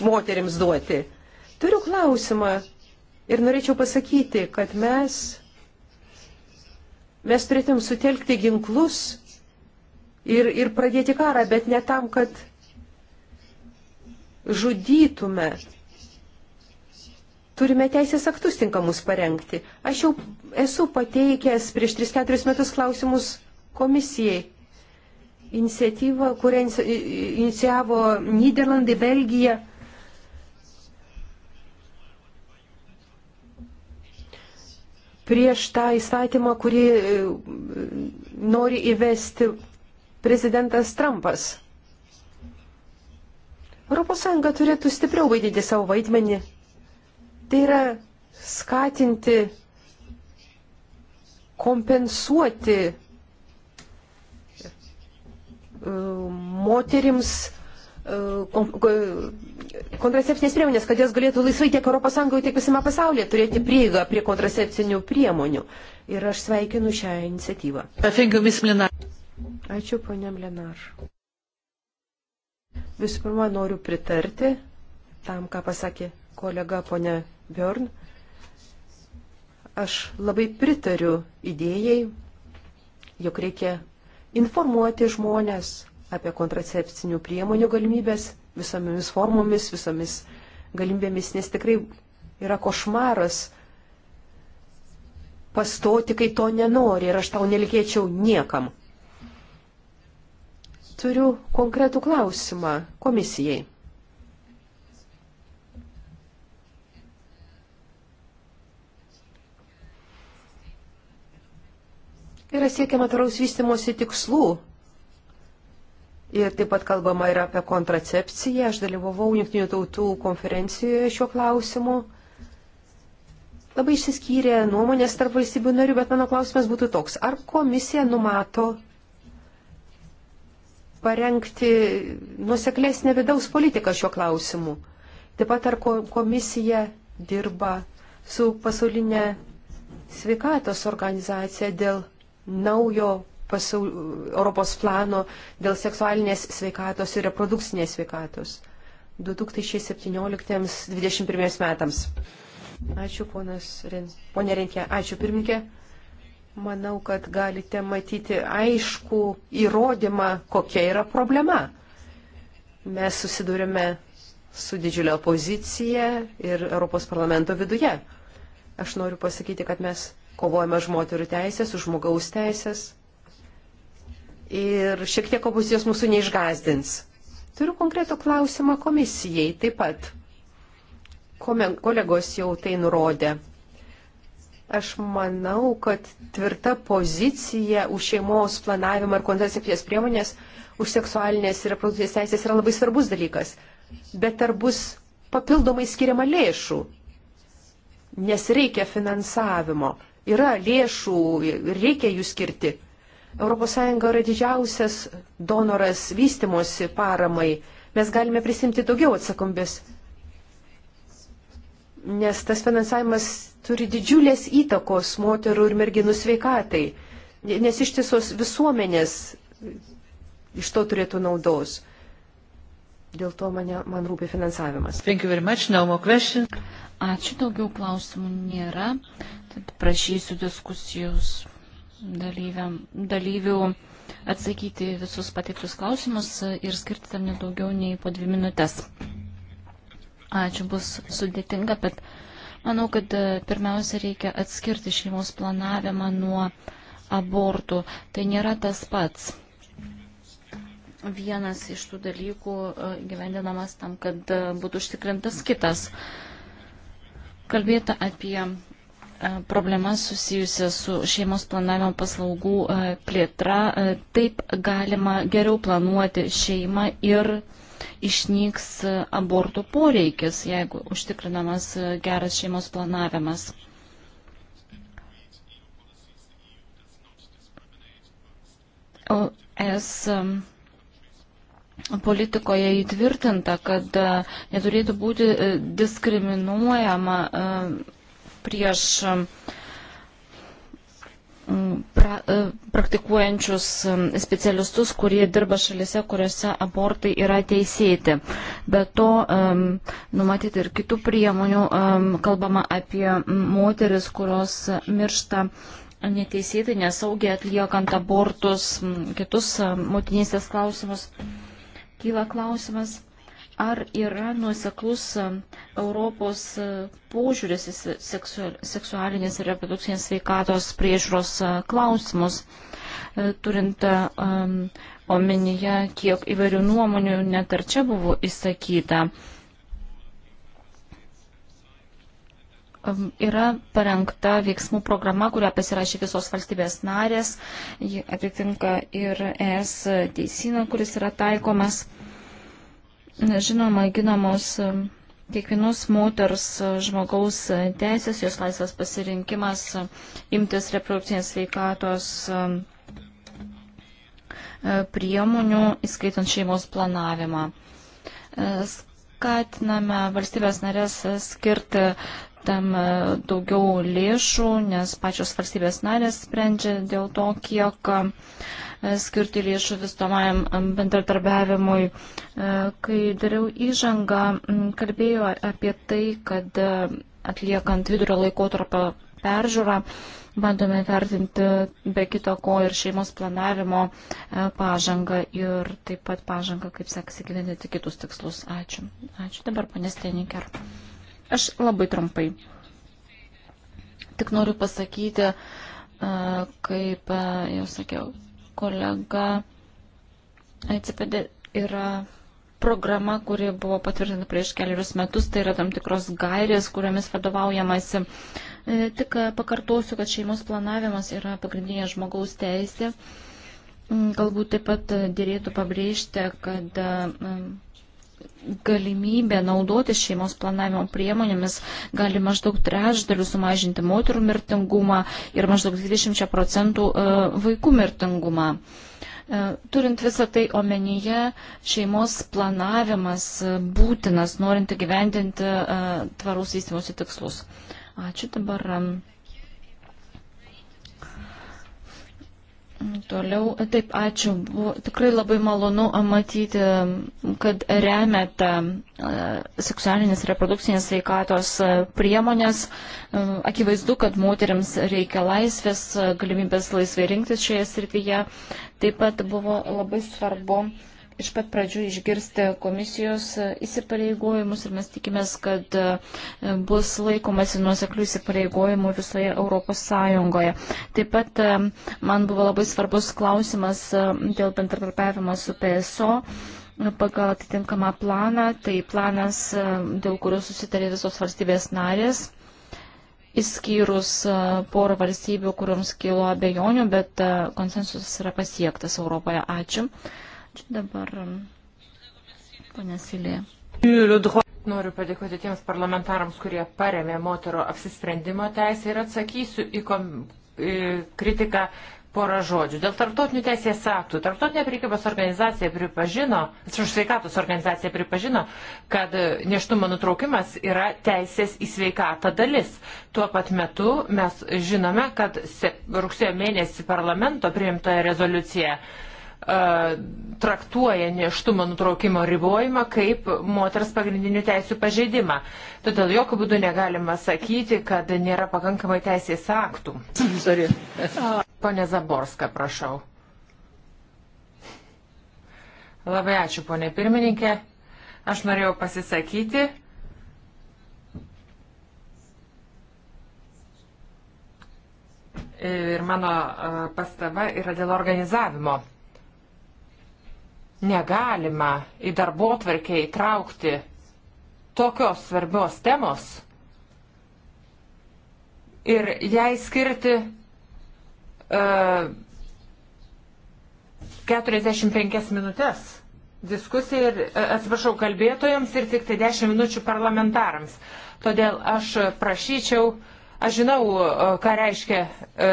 moterims duoti. Turiu klausimą ir norėčiau pasakyti, kad mes, mes turėtum sutelkti ginklus ir, ir pradėti karą, bet ne tam, kad žudytume. Turime teisės aktus tinkamus parengti. Aš jau esu pateikęs prieš 3-4 metus klausimus komisijai. Iniciatyva, kurią inicijavo Niderlandai, Belgija. Prieš tą įstatymą, kurį e, nori įvesti prezidentas Trumpas. ES turėtų stipriau vaidinti savo vaidmenį. Tai yra skatinti, kompensuoti moterims e, kontracepcinės priemonės, kad jos galėtų laisvai tiek ES, tiek visame pasaulyje turėti prieigą prie kontracepcinių priemonių. Ir aš sveikinu šią iniciatyvą. Uh, Ačiū, ponia Mlenar. Visų pirma, noriu pritarti tam, ką pasakė kolega ponia Bjorn. Aš labai pritariu idėjai, jog reikia informuoti žmonės apie kontracepcinių priemonių galimybės visomis formomis, visomis galimybėmis, nes tikrai yra košmaras pastoti, kai to nenori ir aš tau nelikėčiau niekam. Turiu konkretų klausimą komisijai. Yra siekiama tvaraus vystimosi tikslų. Ir taip pat kalbama ir apie kontracepciją. Aš dalyvavau Junktinių tautų konferencijoje šiuo klausimu. Labai išsiskyrė nuomonės tarp valstybių narių, bet mano klausimas būtų toks. Ar komisija numato parengti nuseklesnę vidaus politiką šiuo klausimu? Taip pat ar komisija dirba su pasaulinė sveikatos organizacija dėl naujo pasaul... Europos plano dėl seksualinės sveikatos ir reprodukcinės sveikatos 2017-2021 metams. Ačiū, ponas Ren... ponė Renkė. Ačiū, pirmininkė. Manau, kad galite matyti aišku įrodymą, kokia yra problema. Mes susidurime su didžiulio opozicija ir Europos parlamento viduje. Aš noriu pasakyti, kad mes Kovojame už moterų teisės, už žmogaus teisės. Ir šiek tiek opozicijos mūsų neišgazdins. Turiu konkretų klausimą komisijai taip pat. Kome, kolegos jau tai nurodė. Aš manau, kad tvirta pozicija už šeimos planavimą ir kontracepcijos priemonės už seksualinės ir reprodukcinės teisės yra labai svarbus dalykas. Bet ar bus papildomai skiriama lėšų? Nes reikia finansavimo. Yra lėšų ir reikia jų skirti. ES yra didžiausias donoras vystimosi paramai. Mes galime prisimti daugiau atsakomybės, nes tas finansavimas turi didžiulės įtakos moterų ir merginų sveikatai, nes iš tiesos visuomenės iš to turėtų naudos. Dėl to mane, man rūpi finansavimas. No Ačiū, daugiau klausimų nėra. Tad prašysiu diskusijos dalyviam, dalyvių atsakyti visus pateiktus klausimus ir skirti tam nedaugiau nei po dvi minutės. Ačiū, bus sudėtinga, bet manau, kad e, pirmiausia reikia atskirti šeimos planavimą nuo abortų. Tai nėra tas pats vienas iš tų dalykų e, gyvendinamas tam, kad e, būtų užtikrintas kitas. Kalbėta apie e, problemas susijusias su šeimos planavimo paslaugų plėtra. Taip galima geriau planuoti šeimą ir išnyks abortų poreikis, jeigu užtikrinamas geras šeimos planavimas. O es politikoje įtvirtinta, kad e, neturėtų būti e, diskriminuojama e, prieš pra, praktikuojančius specialistus, kurie dirba šalise, kuriuose abortai yra teisėti. Be to, numatyti ir kitų priemonių, kalbama apie moteris, kurios miršta neteisėtai, nesaugiai atliekant abortus, kitus motinystės klausimus kyla klausimas, ar yra nuoseklus e, Europos e, požiūris į seksualinės ir reprodukcinės sveikatos priežiūros e, klausimus, turint omenyje, kiek įvairių nuomonių net ar čia buvo įsakyta. yra parengta veiksmų programa, kurią pasirašė visos valstybės narės, ji atitinka ir ES teisiną, kuris yra taikomas. Žinoma, ginamos e, kiekvienos moters e, žmogaus teisės, jos laisvas pasirinkimas e, imtis reprodukcinės veikatos priemonių, įskaitant šeimos planavimą. Skatiname valstybės narės skirti tam e, daugiau lėšų, nes pačios valstybės narės sprendžia dėl to, kiek e, skirti lėšų vystomajam e, bendradarbiavimui. Kai dariau įžangą, kalbėjau apie tai, kad atliekant vidurio laikotarpio peržiūrą, bandome vertinti be kito ko ir šeimos planavimo pažangą ir taip pat pažangą, kaip sekasi gyventi kitus tikslus. Ačiū. Ačiū dabar, panės Tenikė. Aš labai trumpai. Tik noriu pasakyti, kaip jau sakiau, kolega ICPD yra programa, kuri buvo patvirtinta prieš keliarius metus, tai yra tam tikros gairės, kuriomis vadovaujamasi. E, tik pakartosiu, kad šeimos planavimas yra pagrindinė žmogaus teisė. Mm, galbūt taip pat dėlėtų pabrėžti, kad galimybė naudotis šeimos planavimo priemonėmis gali maždaug trečdaliu sumažinti moterų mirtingumą ir maždaug 20 procentų e, vaikų mirtingumą. E, turint visą tai omenyje, šeimos planavimas e, būtinas, norint įgyvendinti tvarus įstymosi tikslus. Ačiū dabar. Um, Toliau, taip, ačiū. Buvo tikrai labai malonu matyti, kad remiate seksualinės reprodukcinės sveikatos priemonės. Akivaizdu, kad moteriams reikia laisvės, galimybės laisvai rinktis šioje srityje. Taip pat buvo labai svarbu iš pat pradžių išgirsti komisijos e, įsipareigojimus ir mes tikimės, kad e, bus laikomasi nuoseklių įsipareigojimų visoje Europos Sąjungoje. Taip pat e, man buvo labai svarbus klausimas dėl bendradarbiavimo su PSO pagal atitinkamą planą. Tai planas, dėl kurio susitarė visos valstybės narės išskyrus porą valstybių, kuriuoms kilo abejonių, bet konsensusas yra pasiektas Europoje. Ačiū. Čia dabar um, ponė Silė. Noriu padėkoti tiems parlamentarams, kurie paremė moterų apsisprendimo teisę ir atsakysiu į, kom, į kritiką porą žodžių. Dėl tarptautinių teisės aktų. Tarptautinė prekybos organizacija pripažino, atsiprašau, sveikatos organizacija pripažino, kad neštumo nutraukimas yra teisės į sveikatą dalis. Tuo pat metu mes žinome, kad rugsėjo mėnesį parlamento priimtoje rezoliucijoje traktuoja neštumo nutraukimo ribojimą kaip moters pagrindinių teisų pažeidimą. Todėl jokių būdų negalima sakyti, kad nėra pakankamai teisės aktų. Sorry. Pone Zaborska, prašau. Labai ačiū, ponė pirmininkė. Aš norėjau pasisakyti. Ir mano pastaba yra dėl organizavimo negalima į darbo tvarkę įtraukti tokios svarbios temos ir jai skirti e, uh, 45 minutės diskusijai ir, e, atsiprašau, kalbėtojams ir tik tai 10 minučių parlamentarams. Todėl aš prašyčiau uh, Aš žinau, e, ką reiškia e,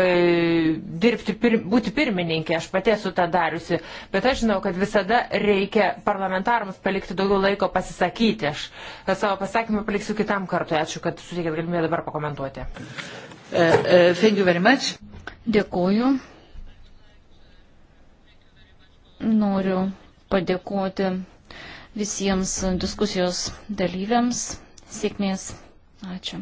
dirbti, pir, būti pirmininkė, aš pati esu tą dariusi, bet aš žinau, kad visada reikia parlamentarams palikti daugiau laiko pasisakyti. Aš e, savo pasakymą paliksiu kitam kartui. Ačiū, kad suteikėt galimybę dabar pakomentuoti. Uh, uh, Dėkuoju. Noriu padėkoti visiems diskusijos dalyviams. Sėkmės. Ačiū.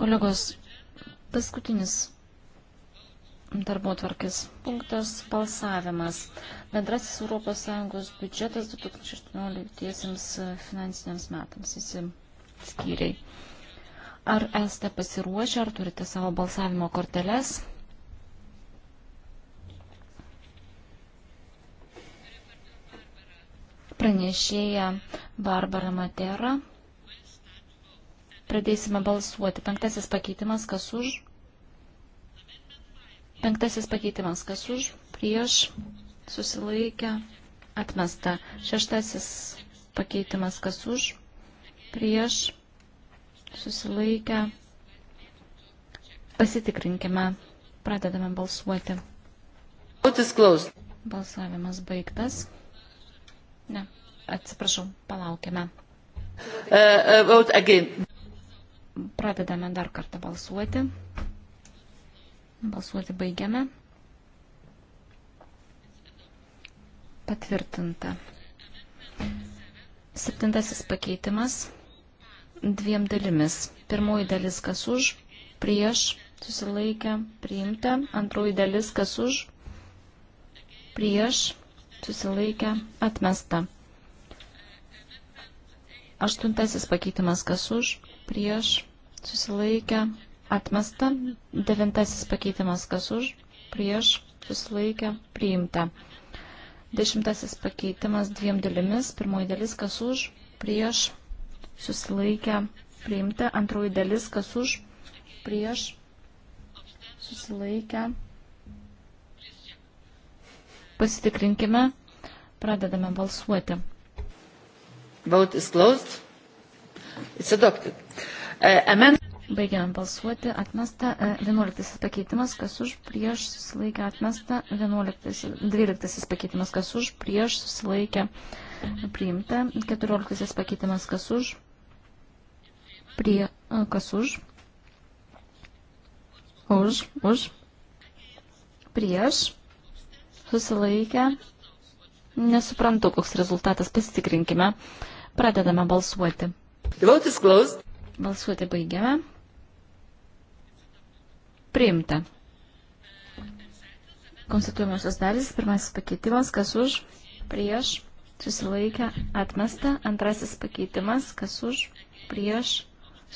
Kolegos, paskutinis darbo tvarkės punktas - balsavimas. Bendrasis ES biudžetas 2018 finansiniams metams visi skyriai. Ar esate pasiruošę, ar turite savo balsavimo korteles? Pranešėja Barbara Matera. Pradėsime balsuoti. Penktasis pakeitimas, kas už? Penktasis pakeitimas, kas už? Prieš susilaikę atmesta. Šeštasis pakeitimas, kas už? Prieš susilaikę. Pasitikrinkime. Pradedame balsuoti. Balsavimas baigtas. Ne, atsiprašau, palaukime. Uh, uh, Pradedame dar kartą balsuoti. Balsuoti baigiame. Patvirtinta. Septintasis pakeitimas dviem dalimis. Pirmoji dalis kas už, prieš, susilaikę, priimta. Antroji dalis kas už, prieš, susilaikę, atmesta. Aštuntasis pakeitimas kas už, prieš, susilaikė, atmesta. Devintasis pakeitimas, kas už, prieš, susilaikė, priimta. Dešimtasis pakeitimas dviem dalimis. Pirmoji dalis, kas už, prieš, susilaikė, priimta. Antroji dalis, kas už, prieš, susilaikę. Pasitikrinkime, pradedame balsuoti. Vote is closed. It's adopted. E, Baigiam balsuoti. Atmesta 11 e, pakeitimas, kas už prieš susilaikę. Atmesta 11, 12 pakeitimas, kas už prieš susilaikę. Priimta 14 pakeitimas, kas už. Prie, e, kas už. Už, už. Prieš susilaikę. Nesuprantu, koks rezultatas. Pasitikrinkime. Pradedame balsuoti. The vote is closed. Balsuoti baigiame. Priimta. Konstituojamosios dalis, pirmasis pakeitimas, kas už, prieš, susilaikę, atmesta, antrasis pakeitimas, kas už, prieš,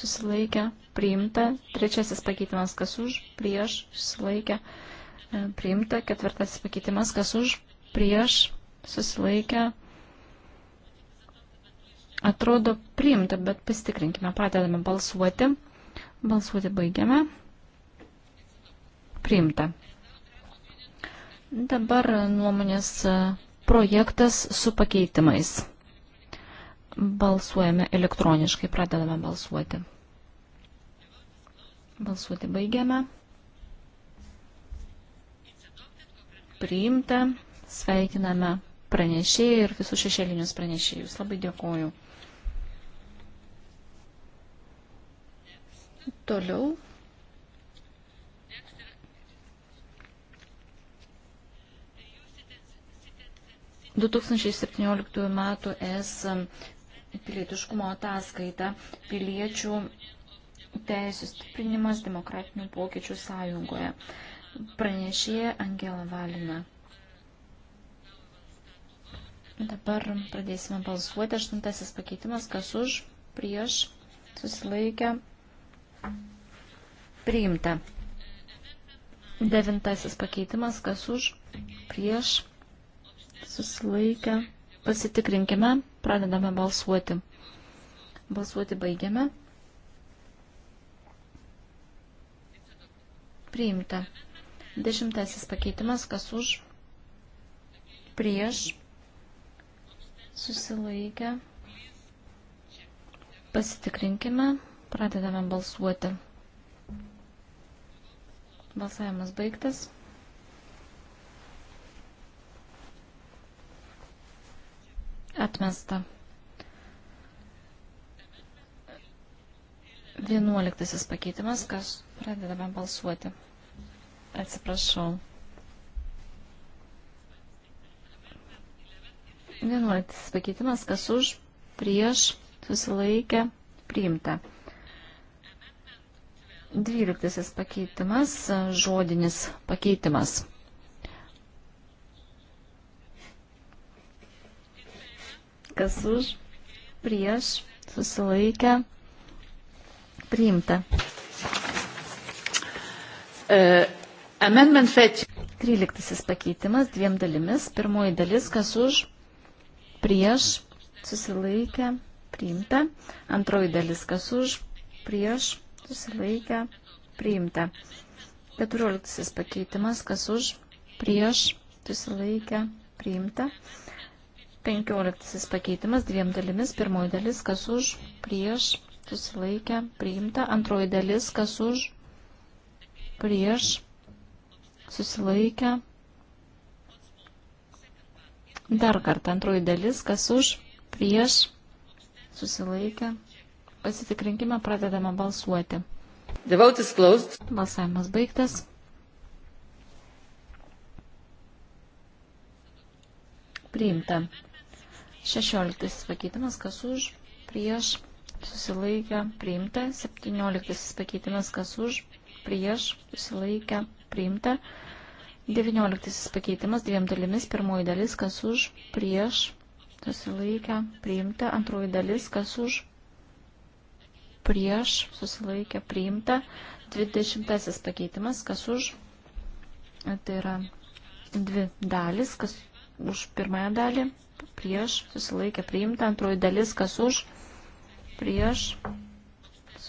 susilaikę, priimta, trečiasis pakeitimas, kas už, prieš, susilaikę, e, priimta, ketvirtasis pakeitimas, kas už, prieš, susilaikę, priimta Atrodo priimta, bet pasitikrinkime. Pradedame balsuoti. Balsuoti baigiame. Priimta. Dabar nuomonės projektas su pakeitimais. Balsuojame elektroniškai, pradedame balsuoti. Balsuoti baigiame. Priimta. Sveikiname pranešėjai ir visus šešėlinius pranešėjus. Labai dėkoju. Toliau. Du tūkstančiai septynioliktųjų metų es um, pilietiškumo ataskaita piliečių teisų stiprinimas demokratinių pokyčių sąjungoje. Pranešėja Angela Valina. Dabar pradėsime balsuoti. Aštuntasis pakeitimas, kas už, prieš, susilaikę, Priimta. Devintasis pakeitimas, kas už, prieš, susilaikę. Pasitikrinkime, pradedame balsuoti. Balsuoti baigiame. Priimta. Dešimtasis pakeitimas, kas už, prieš, susilaikę. Pasitikrinkime. Pradedame balsuoti. Balsavimas baigtas. Atmesta. Vienuoliktasis pakeitimas, kas pradedame balsuoti. Atsiprašau. Vienuoliktasis pakeitimas, kas už, prieš, susilaikė, priimta. Dvyliktasis pakeitimas, žodinis pakeitimas. Kas už, prieš, susilaikę, priimta. Uh, amendment fetch. Tryliktasis pakeitimas dviem dalimis. Pirmoji dalis, kas už, prieš, susilaikę, priimta. Antroji dalis, kas už, prieš, susilaikę, priimta. 14 pakeitimas, kas už, prieš, susilaikę, priimta. 15 pakeitimas dviem dalimis. Pirmoji dalis, kas už, prieš, susilaikę, priimta. Antroji dalis, kas už, prieš, susilaikę. Dar kartą antroji dalis, kas už, prieš, susilaikę, Pasitikrinkime, pradedame balsuoti. The vote is closed. Balsavimas baigtas. Priimta. 16 pakeitimas, kas už, prieš, susilaikę, priimta. 17 pakeitimas, kas už, prieš, susilaikę, priimta. 19 pakeitimas, dviem dalimis, pirmoji dalis, kas už, prieš, susilaikę, priimta. Antroji dalis, kas už, prieš, susilaikė priimta. 20 pakeitimas, kas už, tai yra dvi dalis, kas už pirmąją dalį, prieš, susilaikė priimta, antroji dalis, kas už, prieš,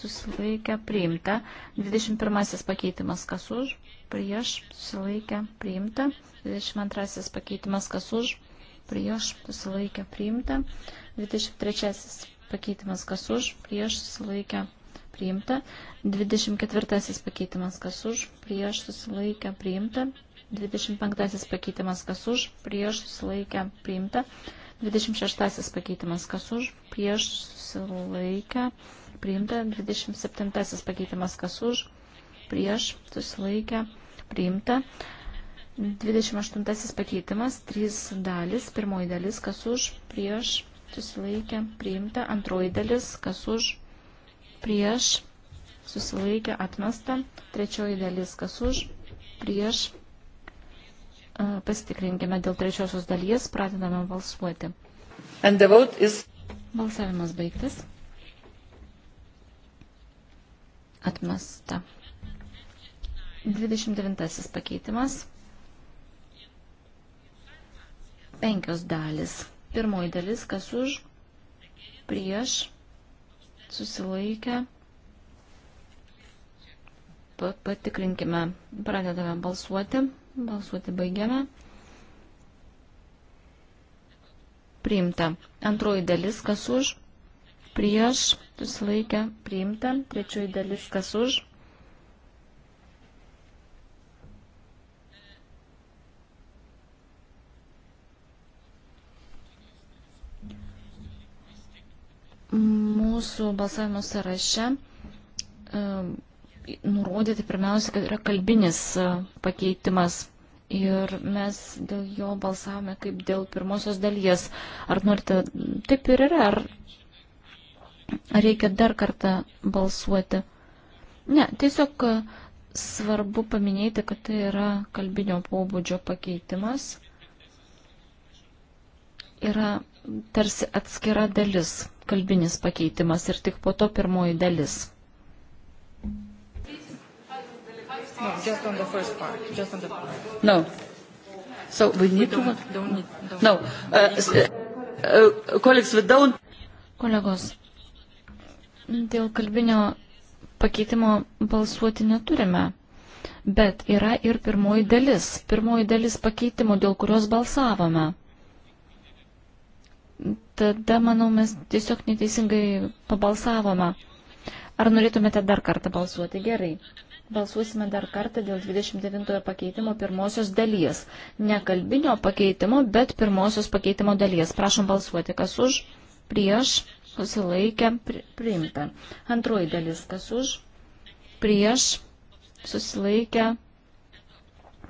susilaikė priimta, 21 pakeitimas, kas už, prieš, susilaikė priimta, 22 pakeitimas, kas už, prieš, susilaikė priimta, 23 pakeitimas kas už, prieš susilaikę priimta. 24 pakeitimas kas už, prieš susilaikę priimta. 25 pakeitimas kas už, prieš susilaikę priimta. 26 pakeitimas kas už, prieš susilaikę priimta. 27 pakeitimas kas už, prieš susilaikę priimta. 28 pakeitimas, 3 dalis, pirmoji dalis kas už, prieš susilaikė priimta, antroji dalis, kas už, prieš, susilaikė atmesta, trečioji dalis, kas už, prieš, pasitikrinkime dėl trečiosios dalies, pradedame balsuoti. Is... Balsavimas baigtas. Atmesta. 29 pakeitimas. Penkios dalis. Pirmoji dalis, kas už, prieš, susilaikę. Patikrinkime, pradedame balsuoti, balsuoti baigiame. Priimta. Antroji dalis, kas už, prieš, susilaikę, priimta. Trečioji dalis, kas už, mūsų balsavimo sąraše e, nurodyti pirmiausia, kad yra kalbinis e, pakeitimas ir mes dėl jo balsavome kaip dėl pirmosios dalies. Ar norite, taip ir yra, ar reikia dar kartą balsuoti? Ne, tiesiog e, svarbu paminėti, kad tai yra kalbinio pobūdžio pakeitimas. Yra tarsi atskira dalis, kalbinis pakeitimas ir tik po to pirmoji dalis. No, just on the first part. Just on the part. No. So we need we don't, to. Don't need, don't no. Uh, uh, uh, colleagues, we don't. Kolegos, dėl kalbinio pakeitimo balsuoti neturime. Bet yra ir pirmoji dalis, pirmoji dalis pakeitimo, dėl kurios balsavome tada, manau, mes tiesiog neteisingai pabalsavome. Ar norėtumėte dar kartą balsuoti? Gerai. Balsuosime dar kartą dėl 29 pakeitimo pirmosios dalies. Ne kalbinio pakeitimo, bet pirmosios pakeitimo dalies. Prašom balsuoti, kas už, prieš, susilaikę, pri, priimta. Antroji dalis, kas už, prieš, susilaikę,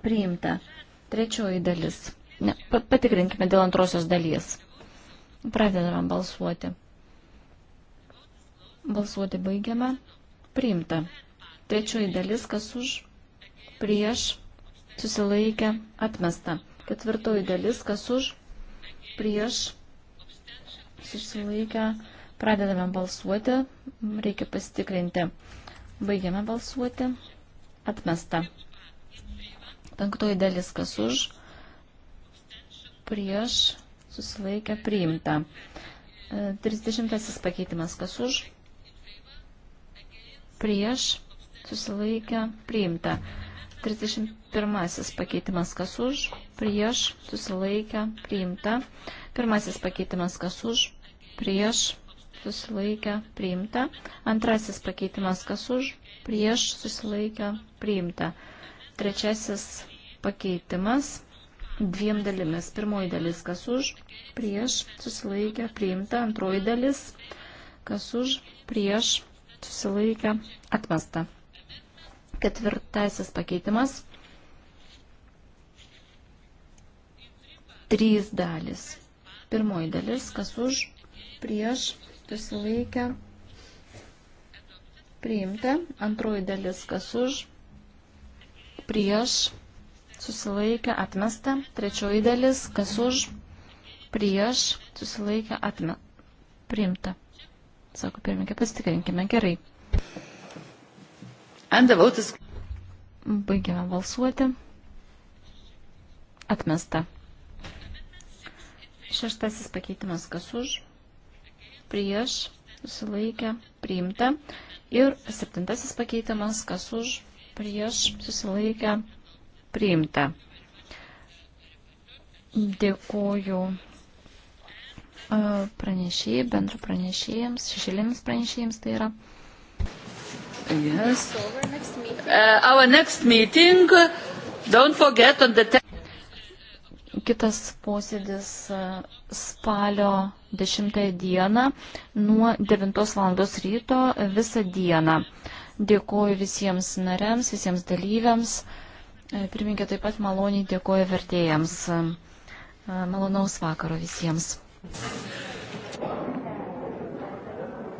priimta. Trečioji dalis. Ne, patikrinkime dėl antrosios dalies. Pradedame balsuoti. Balsuoti baigiame. Priimta. Trečioji dalis, kas už, prieš, susilaikę, atmesta. Ketvirtoji dalis, kas už, prieš, susilaikę, pradedame balsuoti, reikia pasitikrinti. Baigiame balsuoti, atmesta. Penktoji dalis, kas už, prieš, susilaikė priimta. 30 e, pakeitimas kas už, prieš, susilaikė priimta. 31 pakeitimas kas už, prieš, susilaikę, priimta. Pirmasis pakeitimas kas už, prieš, susilaikę, priimta. Antrasis pakeitimas kas už, prieš, susilaikę, priimta. Trečiasis pakeitimas dviem dalimis. Pirmoji dalis, kas už, prieš, susilaikę, priimta. Antroji dalis, kas už, prieš, susilaikę, atmesta. Ketvirtasis pakeitimas. Trys dalis. Pirmoji dalis, kas už, prieš, susilaikę, priimta. Antroji dalis, kas už, prieš, susilaikę susilaikė atmesta, trečioji dalis, kas už, prieš, susilaikė atmesta, priimta. Sako pirmininkė, pasitikrinkime gerai. Is... Baigėme balsuoti. Atmesta. Šeštasis pakeitimas, kas už, prieš, susilaikė, priimta. Ir septintasis pakeitimas, kas už, prieš, susilaikė, priimta priimta. Dėkuoju pranešėjai, bendru pranešėjams, šešėlėms pranešėjams tai yra. Yes. Uh, our next meeting, don't forget on the Kitas posėdis spalio 10 dieną nuo 9 val. ryto visą dieną. Dėkuoju visiems nariams, visiems dalyviams. E, Pirminkė taip pat maloniai dėkoja vertėjams. E, malonaus vakaro visiems.